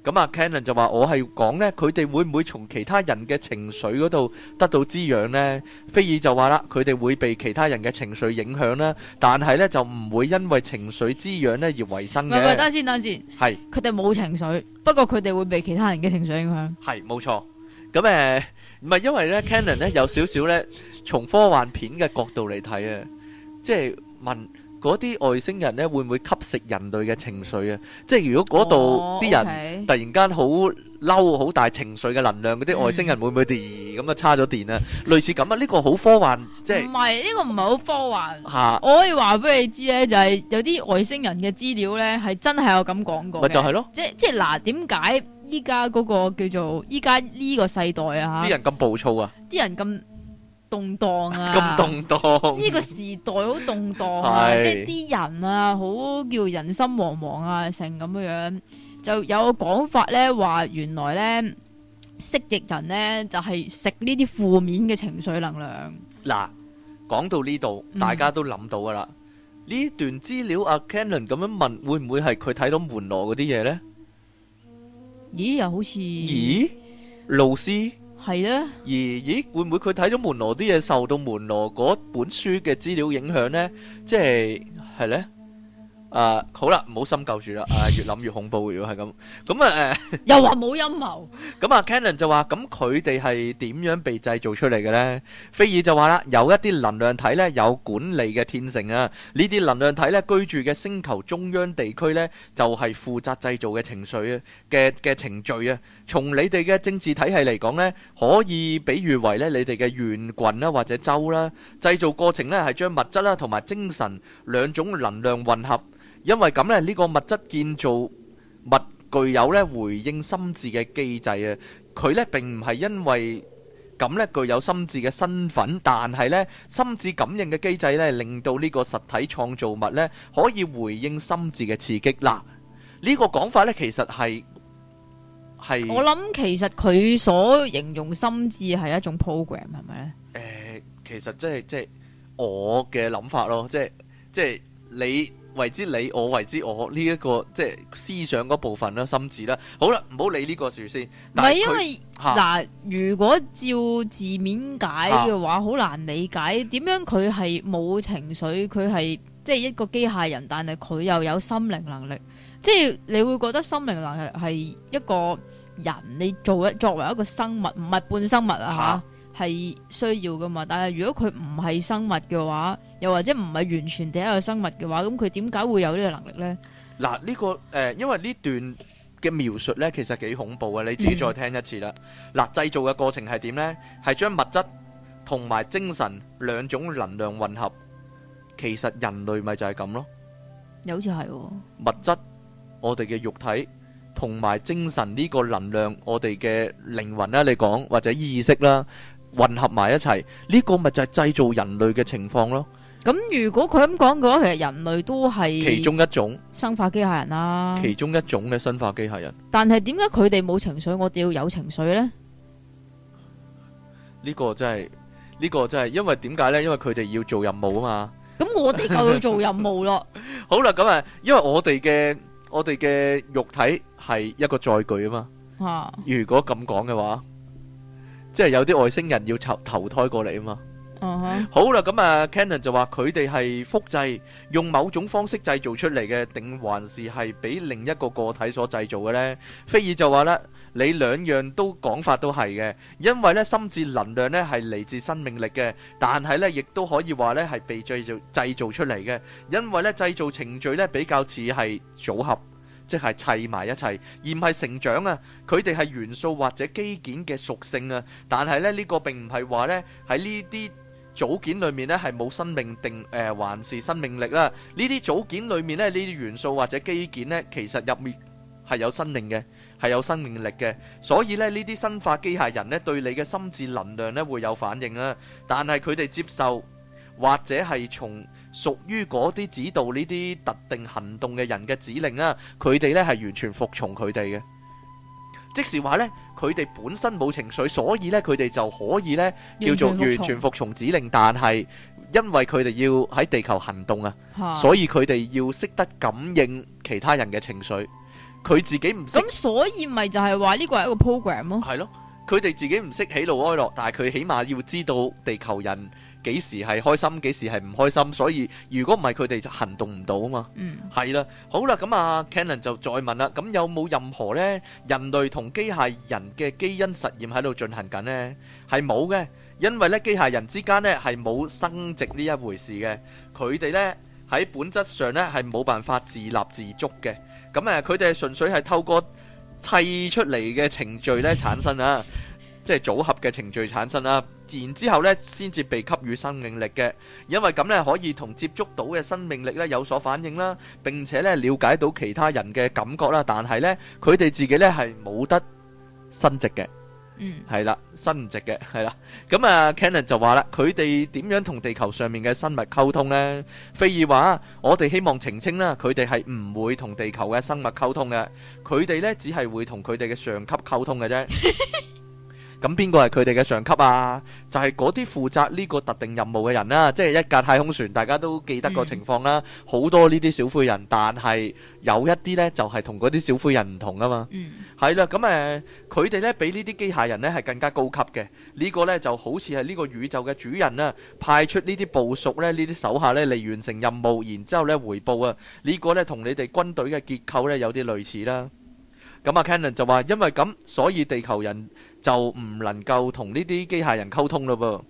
咁啊，Canon 就話：我係講呢，佢哋會唔會從其他人嘅情緒嗰度得到滋養呢？菲爾就話啦：佢哋會被其他人嘅情緒影響啦，但係呢就唔會因為情緒滋養咧而維生嘅。咪咪，等先，等先，係。佢哋冇情緒，不過佢哋會被其他人嘅情緒影響。係冇錯。咁誒，唔係因為呢 Canon 呢有少少呢，從科幻片嘅角度嚟睇啊，即係問。嗰啲外星人咧會唔會吸食人類嘅情緒啊？即係如果嗰度啲人突然間好嬲、好大情緒嘅能量，嗰啲外星人會唔會電咁啊？差咗電啊？類似咁啊？呢個好科幻，即係唔係呢個唔係好科幻？嚇，我可以話俾你知咧，就係有啲外星人嘅資料咧係真係有咁講過。咪就係咯，即即嗱點解依家嗰個叫做依家呢個世代啊嚇？啲人咁暴躁啊！啲人咁。動盪啊！咁動盪，呢個時代好動盪啊！即係啲人啊，好叫人心惶惶啊，成咁樣樣。就有個講法咧，話原來咧，蜥蜴人咧就係食呢啲負面嘅情緒能量。嗱，講到呢度，大家都諗到噶啦。呢段資料阿 Canon 咁樣問，會唔會係佢睇到門羅嗰啲嘢咧？咦？又好似咦？老師。係咧，而咦會唔會佢睇咗《門羅啲嘢，受到門羅嗰本書嘅資料影響咧？即係係咧。啊，好啦，唔好深究住啦。啊，越諗越恐怖，如果係咁，咁啊，誒，又話冇陰謀。咁啊，Cannon 就話，咁佢哋係點樣被製造出嚟嘅咧？菲爾就話啦，有一啲能量體咧有管理嘅天性啊，呢啲能量體咧居住嘅星球中央地區咧就係負責製造嘅情緒啊，嘅嘅程序啊。從你哋嘅政治體系嚟講咧，可以比喻為咧你哋嘅縣郡啦或者州啦。製造過程咧係將物質啦同埋精神兩種能量混合。因為咁咧，呢個物質建造物具有咧回應心智嘅機制啊，佢咧並唔係因為咁咧具有心智嘅身份，但係咧心智感應嘅機制咧，令到呢個實體創造物咧可以回應心智嘅刺激。嗱，呢個講法咧，其實係係我諗，其實佢所形容心智係一種 program，係咪咧？誒，其實即係即係我嘅諗法咯，即係即係你。為之你，我為之我呢一個即係思想嗰部分啦，心智啦。好啦，唔好理呢個事先。唔係因為嗱，啊、如果照字面解嘅話，好難理解點樣佢係冇情緒，佢係即係一個機械人，但係佢又有心靈能力，即係你會覺得心靈能力係一個人你做一作為一個生物，唔係半生物啊吓。啊係需要噶嘛？但係如果佢唔係生物嘅話，又或者唔係完全第一個生物嘅話，咁佢點解會有呢個能力呢？嗱，呢個誒，因為呢段嘅描述呢，其實幾恐怖呀，你自己再聽一次啦。嗱，製造嘅過程係點呢？係將物質同埋精神兩種能量混合。其實人類咪就係咁咯。又好似係物質，我哋嘅肉體同埋精神呢個能量，我哋嘅靈魂啦，你講或者意識啦。混合埋一齊，呢個咪就係製造人類嘅情況咯。咁如果佢咁講嘅話，其實人類都係其中一種生化機械人啦。其中一種嘅生化機械人。但係點解佢哋冇情緒，我哋要有情緒呢？呢個真係，呢個真係，因為點解呢？因為佢哋要做任務啊嘛。咁我哋就要做任務咯。好啦，咁啊，因為我哋嘅我哋嘅肉體係一個載具啊嘛。啊，如果咁講嘅話。即係有啲外星人要投投胎過嚟啊嘛，嗯哼，好啦，咁啊，Cannon 就話佢哋係複製，用某種方式製造出嚟嘅，定還是係俾另一個個體所製造嘅咧？菲爾就話咧，你兩樣都講法都係嘅，因為咧心智能量咧係嚟自生命力嘅，但係咧亦都可以話咧係被製造製造出嚟嘅，因為咧製造程序咧比較似係組合。即係砌埋一齊，而唔係成長啊！佢哋係元素或者基件嘅屬性啊。但係咧，呢個並唔係話呢，喺呢啲組件裏面咧係冇生命定誒，還是生命力啦？呢啲組件裏面呢，呢啲元素或者基件呢，其實入面係有生命嘅，係有生命力嘅。所以咧，呢啲生化機械人呢，對你嘅心智能量呢，會有反應啊。但係佢哋接受或者係從。屬於嗰啲指導呢啲特定行動嘅人嘅指令啊，佢哋呢係完全服從佢哋嘅。即係話呢，佢哋本身冇情緒，所以呢，佢哋就可以呢叫做完全服從指令。但係因為佢哋要喺地球行動啊，啊所以佢哋要識得感應其他人嘅情緒。佢自己唔識咁，所以咪就係話呢個係一個 program 咯，啊。係咯，佢哋自己唔識喜怒哀樂，但係佢起碼要知道地球人。幾時係開心，幾時係唔開心，所以如果唔係佢哋就行動唔到啊嘛，嗯，係啦，好啦，咁啊，Cannon 就再問啦，咁有冇任何呢人類同機械人嘅基因實驗喺度進行緊呢？係冇嘅，因為呢機械人之間呢係冇生殖呢一回事嘅，佢哋呢喺本質上呢係冇辦法自立自足嘅，咁誒佢哋純粹係透過砌出嚟嘅程序咧產生啊。 *laughs* 即係組合嘅程序產生啦，然之後咧先至被給予生命力嘅，因為咁咧可以同接觸到嘅生命力咧有所反應啦，並且咧瞭解到其他人嘅感覺啦。但係咧佢哋自己咧係冇得生殖嘅，嗯，係啦，生殖嘅，係啦。咁啊，Cannon 就話啦，佢哋點樣同地球上面嘅生物溝通咧？菲爾話：我哋希望澄清啦，佢哋係唔會同地球嘅生物溝通嘅，佢哋咧只係會同佢哋嘅上級溝通嘅啫。咁邊個係佢哋嘅上級啊？就係嗰啲負責呢個特定任務嘅人啦，啊，即係一架太空船，大家都記得個情況啦。好，嗯、多呢啲小灰人，但係有一啲呢，就係同嗰啲小灰人唔同啊嘛。係啦，嗯、咁、嗯、誒，佢哋呢，比呢啲機械人呢係更加高級嘅。呢、這個呢，就好似係呢個宇宙嘅主人啦，啊，派出呢啲部屬呢，呢啲手下呢嚟完成任務，然之後呢回報啊。呢、這個呢，同你哋軍隊嘅結構呢，有啲類似啦。咁啊，Canon 就話，因為咁，所以地球人就唔能夠同呢啲機械人溝通嘞噃。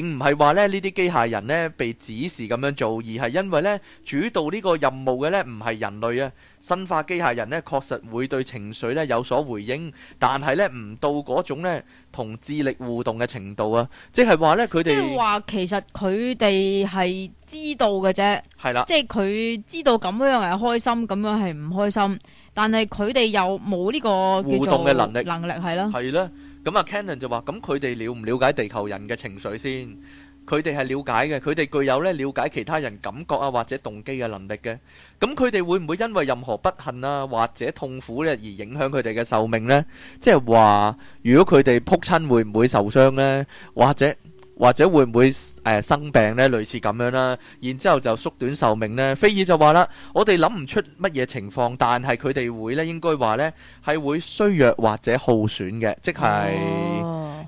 並唔係話咧，呢啲機械人呢被指示咁樣做，而係因為呢，主導呢個任務嘅呢唔係人類啊。生化機械人呢確實會對情緒呢有所回應，但係呢唔到嗰種呢同智力互動嘅程度啊。即係話呢，佢哋即係話，其實佢哋係知道嘅啫。係啦的，即係佢知道咁樣係開心，咁樣係唔開心，但係佢哋又冇呢個互動嘅能力，能力係咯，係啦。咁啊，Canon 就話：咁佢哋了唔瞭解地球人嘅情緒先？佢哋係瞭解嘅，佢哋具有咧瞭解其他人感覺啊或者動機嘅能力嘅。咁佢哋會唔會因為任何不幸啊或者痛苦咧而影響佢哋嘅壽命咧？即係話，如果佢哋撲親，會唔會受傷咧？或者？或者會唔會誒、呃、生病呢？類似咁樣啦，然之後就縮短壽命呢。菲爾就話啦：我哋諗唔出乜嘢情況，但係佢哋會呢，應該話呢，係會衰弱或者耗損嘅，即係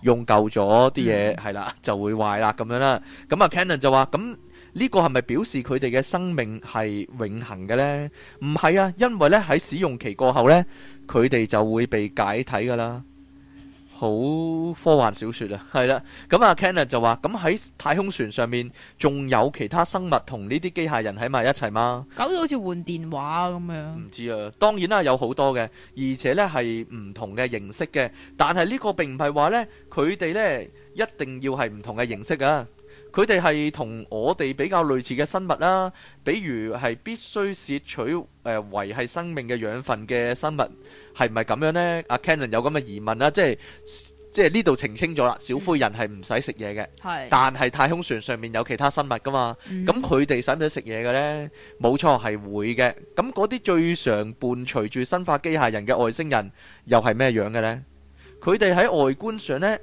用夠咗啲嘢係啦，就會壞啦咁樣啦。咁、嗯、啊，Cannon 就話：咁、嗯、呢、呢個係咪表示佢哋嘅生命係永恆嘅呢？唔係啊，因為呢，喺使用期過後呢，佢哋就會被解體噶啦。好科幻小說啊，係啦，咁、嗯、阿 Kenner 就話：咁喺太空船上面仲有其他生物同呢啲機械人喺埋一齊嗎？搞到好似換電話咁樣。唔知啊，當然啦，有好多嘅，而且呢係唔同嘅形式嘅，但係呢個並唔係話呢，佢哋呢一定要係唔同嘅形式啊。佢哋係同我哋比較類似嘅生物啦，比如係必須攝取誒維係生命嘅養分嘅生物，係唔係咁樣咧？阿 Cannon 有咁嘅疑問啦，即係即係呢度澄清咗啦，小灰人係唔使食嘢嘅，係，但係太空船上面有其他生物噶嘛，咁佢哋使唔使食嘢嘅咧？冇錯，係會嘅。咁嗰啲最常伴隨住生化機械人嘅外星人，又係咩樣嘅咧？佢哋喺外觀上咧，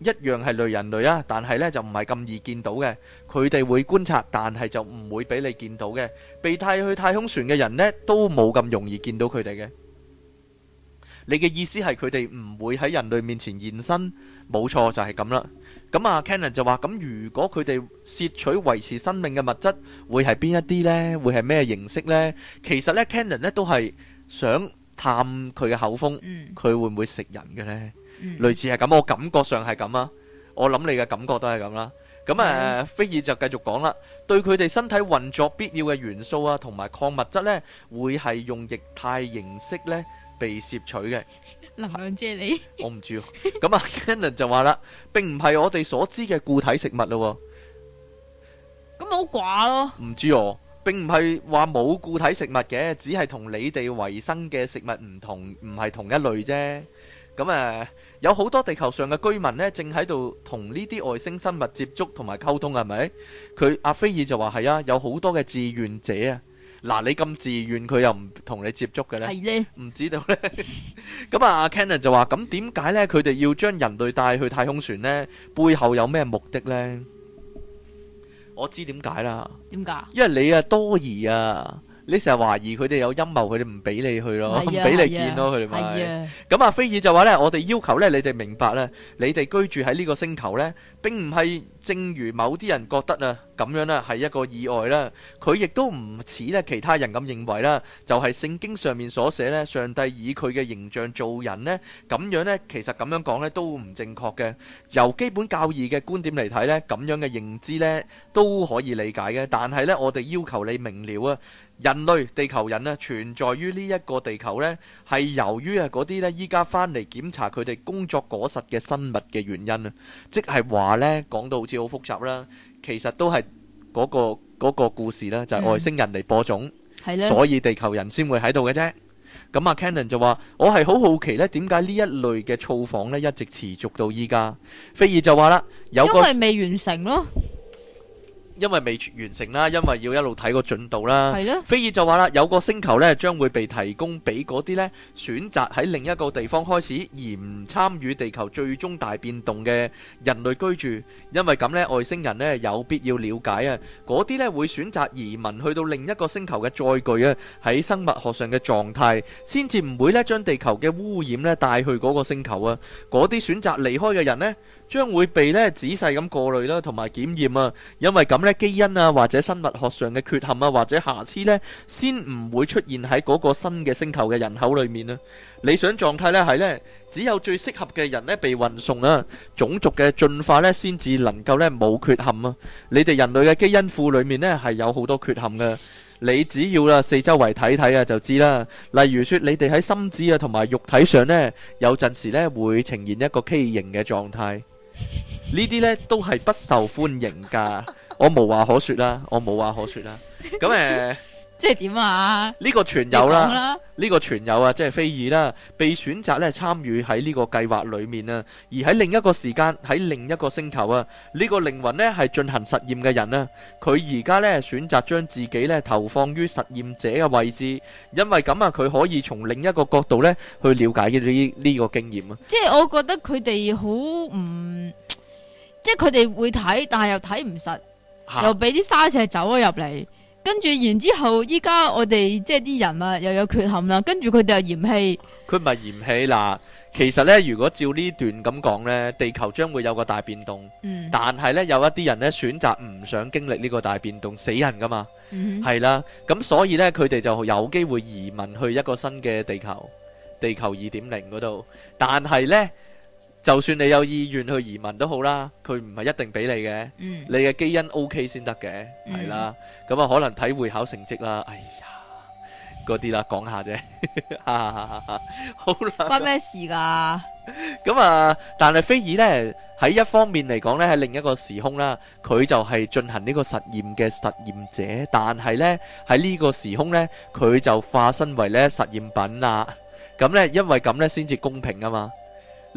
一樣係類人類啊，但係呢就唔係咁易見到嘅。佢哋會觀察，但係就唔會俾你見到嘅。被帶去太空船嘅人呢，都冇咁容易見到佢哋嘅。你嘅意思係佢哋唔會喺人類面前現身？冇錯就係咁啦。咁啊，Cannon 就話：咁如果佢哋攝取維持生命嘅物質，會係邊一啲呢？會係咩形式呢？其實呢，Cannon 呢都係想探佢嘅口風，佢會唔會食人嘅呢？類似係咁，我感覺上係咁啊，我諗你嘅感覺都係咁啦。咁誒，菲爾就繼續講啦，對佢哋身體運作必要嘅元素啊，同埋礦物質咧，會係用液態形式咧被攝取嘅。能量啫你？我唔知。咁啊，Cannon 就話啦，並唔係我哋所知嘅固體食物咯。咁好寡咯。唔知哦，並唔係話冇固體食物嘅，只係同你哋維生嘅食物唔同，唔係同一類啫。咁誒、嗯，有好多地球上嘅居民呢，正喺度同呢啲外星生物接觸同埋溝通，係咪？佢阿菲爾就話：係啊，有好多嘅志願者啊。嗱，你咁志願，佢又唔同你接觸嘅咧？係咧呢，唔知道咧。咁、 *laughs* 嗯、啊，阿 Cannon 就話：咁點解呢？佢哋要將人類帶去太空船呢？背後有咩目的呢？我知點解啦。點解？因為你啊，多疑啊。你成日懷疑佢哋有陰謀，佢哋唔俾你去咯，唔俾呀 *laughs* 你見咯，佢哋咪咁啊。菲爾就話呢：「我哋要求呢，你哋明白咧，你哋居住喺呢個星球呢，並唔係正如某啲人覺得啊咁樣啦，係一個意外啦。佢亦都唔似咧其他人咁認為啦，就係、係、聖經上面所寫呢：「上帝以佢嘅形象做人呢，咁樣呢，其實咁樣講呢都唔正確嘅。由基本教義嘅觀點嚟睇呢，咁樣嘅認知呢都可以理解嘅，但係呢，我哋要求你明瞭啊。人類地球人咧、啊、存在於呢一個地球呢，係由於啊嗰啲呢，依家翻嚟檢查佢哋工作果實嘅生物嘅原因啊，即係話呢，講到好似好複雜啦，其實都係嗰、那個那個故事呢，就係、是、外星人嚟播種，嗯、所以地球人先會喺度嘅啫。咁啊 Cannon 就話：我係好好奇呢，點解呢一類嘅造訪呢一直持續到依家？菲爾就話啦：，有個因為未完成咯。因為未完成啦，因為要一路睇個進度啦。係咧。菲爾就話啦，有個星球咧將會被提供俾嗰啲咧，選擇喺另一個地方開始，而唔參與地球最終大變動嘅人類居住。因為咁咧，外星人咧有必要了解啊，嗰啲咧會選擇移民去到另一個星球嘅載具啊，喺生物學上嘅狀態，先至唔會咧將地球嘅污染咧帶去嗰個星球啊。嗰啲選擇離開嘅人咧，將會被咧仔細咁過濾啦，同埋檢驗啊，因為咁。基因啊，或者生物學上嘅缺陷啊，或者瑕疵呢，先唔會出現喺嗰個新嘅星球嘅人口裏面啊。理想狀態呢，係呢，只有最適合嘅人呢，被運送啊，種族嘅進化呢，先至能夠呢冇缺陷啊。你哋人類嘅基因庫裏面呢，係有好多缺陷嘅，你只要啦四周圍睇睇啊就知啦。例如說你哋喺心智啊同埋肉體上呢，有陣時呢，會呈現一個畸形嘅狀態，呢啲呢，都係不受歡迎噶。 *laughs* 我冇話可說啦，我冇話可說啦。咁 *laughs* 誒，即係點啊？呢個傳友啦，呢個傳友啊，即係菲爾啦，被選擇咧參與喺呢個計劃裏面啊。而喺另一個時間，喺另一個星球啊，呢、呢個靈魂呢係進行實驗嘅人啊。佢而家呢選擇將自己呢投放於實驗者嘅位置，因為咁啊，佢可以從另一個角度呢去了解呢呢呢個經驗啊。即係我覺得佢哋好唔，即係佢哋會睇，但係又睇唔實。又俾啲沙石走咗入嚟，跟住然之後，依家我哋即係啲人啦，又有缺陷啦，跟住佢哋又嫌棄。佢唔係嫌棄啦，其實呢，如果照呢段咁講呢，地球將會有個大變動。嗯。但係呢，有一啲人呢選擇唔想經歷呢個大變動，死人噶嘛。嗯。係啦，咁所以呢，佢哋就有機會移民去一個新嘅地球，地球二點零嗰度。但係呢。就算你有意願去移民都好啦，佢唔係一定俾你嘅，嗯、你嘅基因 OK 先得嘅，係啦、嗯，咁啊可能睇會考成績啦，哎呀，嗰啲啦，講下啫， *laughs* *laughs* 好啦了，關咩事噶？咁啊、 *laughs* 嗯，但係菲爾呢，喺一方面嚟講呢，喺另一個時空啦，佢就係進行呢個實驗嘅實驗者，但係呢，喺呢個時空呢，佢就化身為呢實驗品啊，咁呢，因為咁呢，先至公平啊嘛。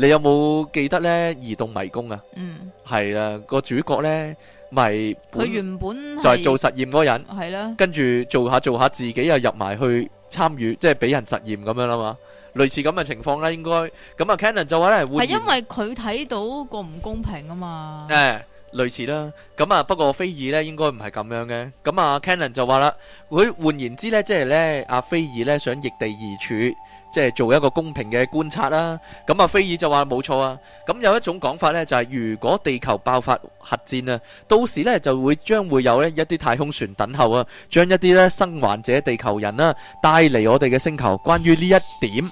你有冇記得呢？移動迷宮啊？嗯，係啊，個主角呢，咪佢原本就係做實驗嗰人，係啦的。跟住做下做下，自己又入埋去參與，即係俾人實驗咁樣啦嘛。類似咁嘅情況啦，應該咁、嗯欸嗯、啊。Cannon 就話呢，換係因為佢睇到個唔公平啊嘛。誒，類似啦。咁啊，不過菲爾呢，應該唔係咁樣嘅。咁啊，Cannon 就話啦，佢換言之呢，即係呢，阿菲爾呢，想逆地而處。即係做一個公平嘅觀察啦。咁啊，菲爾就話冇錯啊。咁有一種講法呢，就係如果地球爆發核戰啊，到時呢就會將會有呢一啲太空船等候啊，將一啲呢生還者地球人啊帶嚟我哋嘅星球。關於呢一點。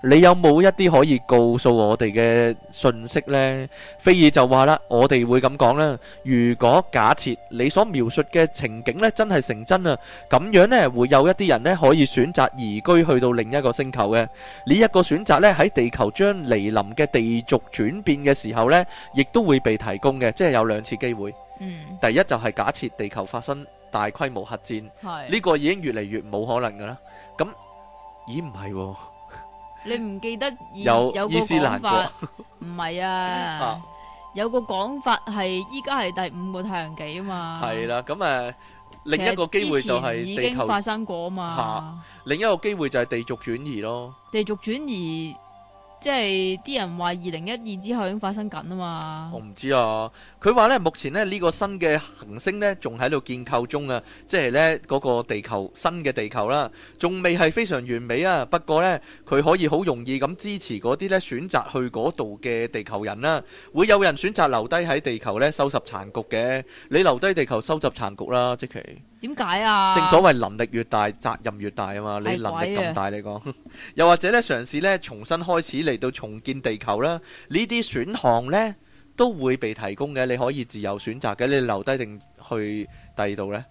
你有冇一啲可以告訴我哋嘅信息咧？菲爾就話啦，我哋會咁講啦。如果假設你所描述嘅情景咧真係成真啊，咁樣咧會有一啲人咧可以選擇移居去到另一個星球嘅。呢一個選擇咧喺地球將來臨嘅地軸轉變嘅時候咧，亦都會被提供嘅，即係有兩次機會。嗯，第一就係假設地球發生大規模核戰，係呢個已經越嚟越冇可能噶啦。咁咦唔係？你唔記得有有，有個講法唔係斯 *laughs* 啊？啊，有個講法係依家係第五個太陽紀啊實嘛係啦。咁誒、啊，另一個機會就係已經發生過啊嘛。另一個機會就係地軸轉移咯。地軸轉移。即係啲人話二零一二之後已經發生緊啊嘛，我唔知啊。佢話呢，目前呢呢個新嘅行星呢，仲喺度建構中啊，即係呢嗰、嗰個地球新嘅地球啦，仲未係非常完美啊。不過呢，佢可以好容易咁支持嗰啲呢選擇去嗰度嘅地球人啦、啊，會有人選擇留低喺地球呢，收拾殘局嘅。你留低地球收拾殘局啦，即其。點解啊？正所謂能力越大，責任越大啊嘛，你能力咁大，你講的 *laughs* 又或者咧，嘗試咧重新開始嚟到重建地球啦。呢啲選項呢，都會被提供嘅，你可以自由選擇嘅。你留低定去第二度呢？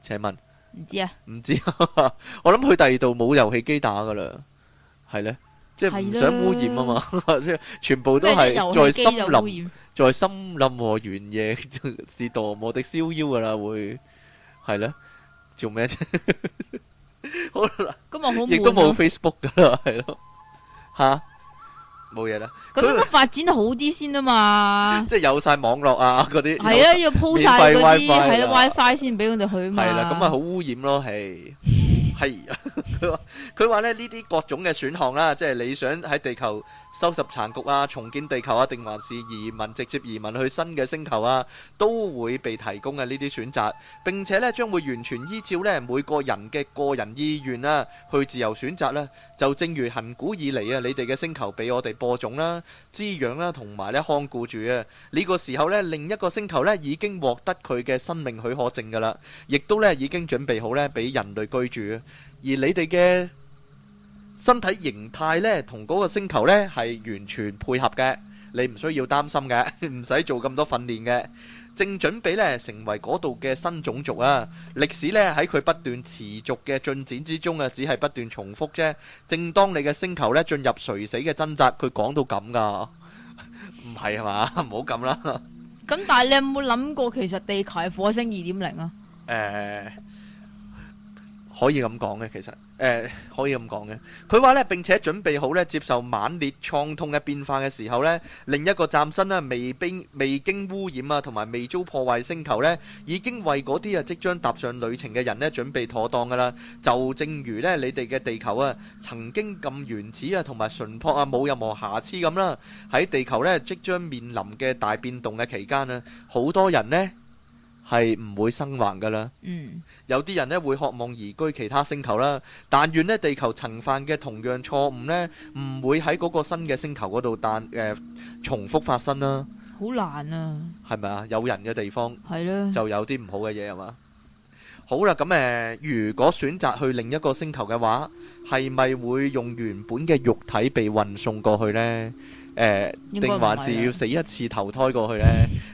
請問唔知啊？唔知， *laughs* 我諗去第二度冇遊戲機打噶啦，係呢？即係唔想污染啊嘛，的 *laughs* 全部都係在森林，在森林和原野 *laughs* 是多麼的逍遙噶啦，會。係咧，做咩啫？ *laughs* 好啦了，今日好，亦都冇 Facebook 噶啦，係咯，啊，吓冇嘢啦。咁應該發展好啲先啊嘛。即係有晒網絡啊，嗰啲係啊，了有要鋪晒嗰啲係啦 WiFi 先俾我哋去嘛。係啦，咁啊好污染咯，係。係啊，佢話咧呢啲各種嘅選項啦，即係你想喺地球收拾殘局啊，重建地球啊，定還是移民直接移民去新嘅星球啊，都會被提供嘅呢啲選擇，並且呢，將會完全依照呢每個人嘅個人意願啦、啊、去自由選擇啦。就正如恆古以嚟啊，你哋嘅星球俾我哋播種啦、啊、滋養啦、啊，同埋咧看顧住啊。呢、這個時候呢，另一個星球呢已經獲得佢嘅生命許可證噶啦，亦都呢已經準備好呢俾人類居住。而你哋嘅身體形態呢，同嗰個星球呢係完全配合嘅，你唔需要擔心嘅，唔使做咁多訓練嘅，正準備呢成為嗰度嘅新種族啊！歷史呢喺佢不斷持續嘅進展之中啊，只係不斷重複啫。正當你嘅星球呢進入垂死嘅掙扎，佢講到咁噶，唔係係嘛？唔好咁啦。咁但係你有冇諗過，其實地球係火星二點零啊？誒。可以咁講嘅，其實誒、呃、可以咁講嘅。佢話呢，並且準備好咧接受猛烈創痛嘅變化嘅時候呢，另一個嶄新呢未經未經污染啊，同埋未遭破壞星球呢已經為嗰啲啊即將踏上旅程嘅人呢準備妥當㗎啦。就正如呢，你哋嘅地球啊，曾經咁原始啊同埋純樸啊，冇任何瑕疵咁啦、啊。喺地球呢，即將面臨嘅大變動嘅期間呢好多人呢。係唔會生還噶啦，嗯、有啲人咧會渴望移居其他星球啦。但願咧地球曾犯嘅同樣錯誤呢，唔會喺嗰個新嘅星球嗰度但誒、呃、重複發生啦。好難啊，係咪啊？有人嘅地方係咧，是吧 就有啲唔好嘅嘢，係嘛。好啦，咁誒、呃，如果選擇去另一個星球嘅話，係咪會用原本嘅肉體被運送過去呢？誒，定還是要死一次投胎過去呢？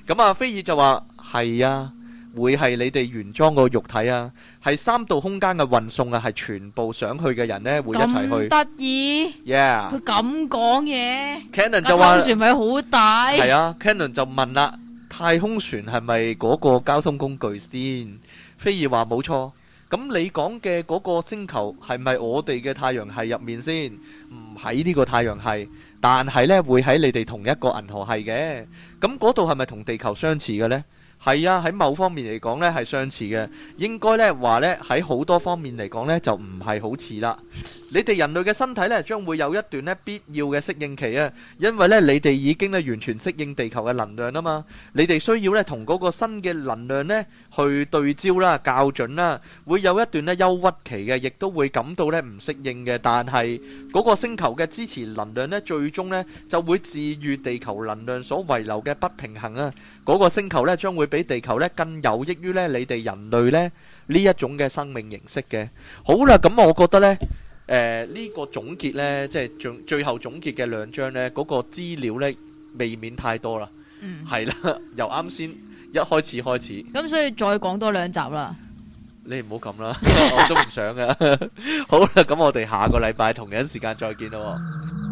咁阿菲爾就話：「係呀。」會係你哋原裝個肉體啊，係三度空間嘅運送啊，係全部想去嘅人咧會一齊去。咁得意，yeah，佢咁講嘢。Canon 就話太空船咪好大。係啊，Canon 就問啦：太空船係咪嗰個交通工具先？菲爾話冇錯。咁你講嘅嗰個星球係咪我哋嘅太陽系入面先？唔喺呢個太陽系，但係咧會喺你哋同一個銀河系嘅。咁嗰度係咪同地球相似嘅咧？係啊，喺某方面嚟講咧係相似嘅，應該咧話咧喺好多方面嚟講咧就唔係好似啦。你哋人類嘅身體咧將會有一段咧必要嘅適應期啊，因為咧你哋已經咧完全適應地球嘅能量啊嘛，你哋需要咧同嗰個新嘅能量咧去對焦啦、校準啦，會有一段咧憂鬱期嘅，亦都會感到咧唔適應嘅，但係嗰個星球嘅支持能量咧最終咧就會治癒地球能量所遺留嘅不平衡啊，嗰個星球咧將會。比地球咧更有益於咧你哋人類咧呢一種嘅生命形式嘅，好啦，咁我覺得咧，誒、呃、呢、這個總結咧，即係最最後總結嘅兩章咧，嗰、那個資料咧未免太多啦，嗯，係啦， *laughs* 由啱先一開始開始，咁、嗯、所以再講多兩集啦，你唔 *laughs* *laughs* *laughs* 好咁啦，我都唔想嘅，好啦，咁我哋下個禮拜同一時間再見囉。嗯。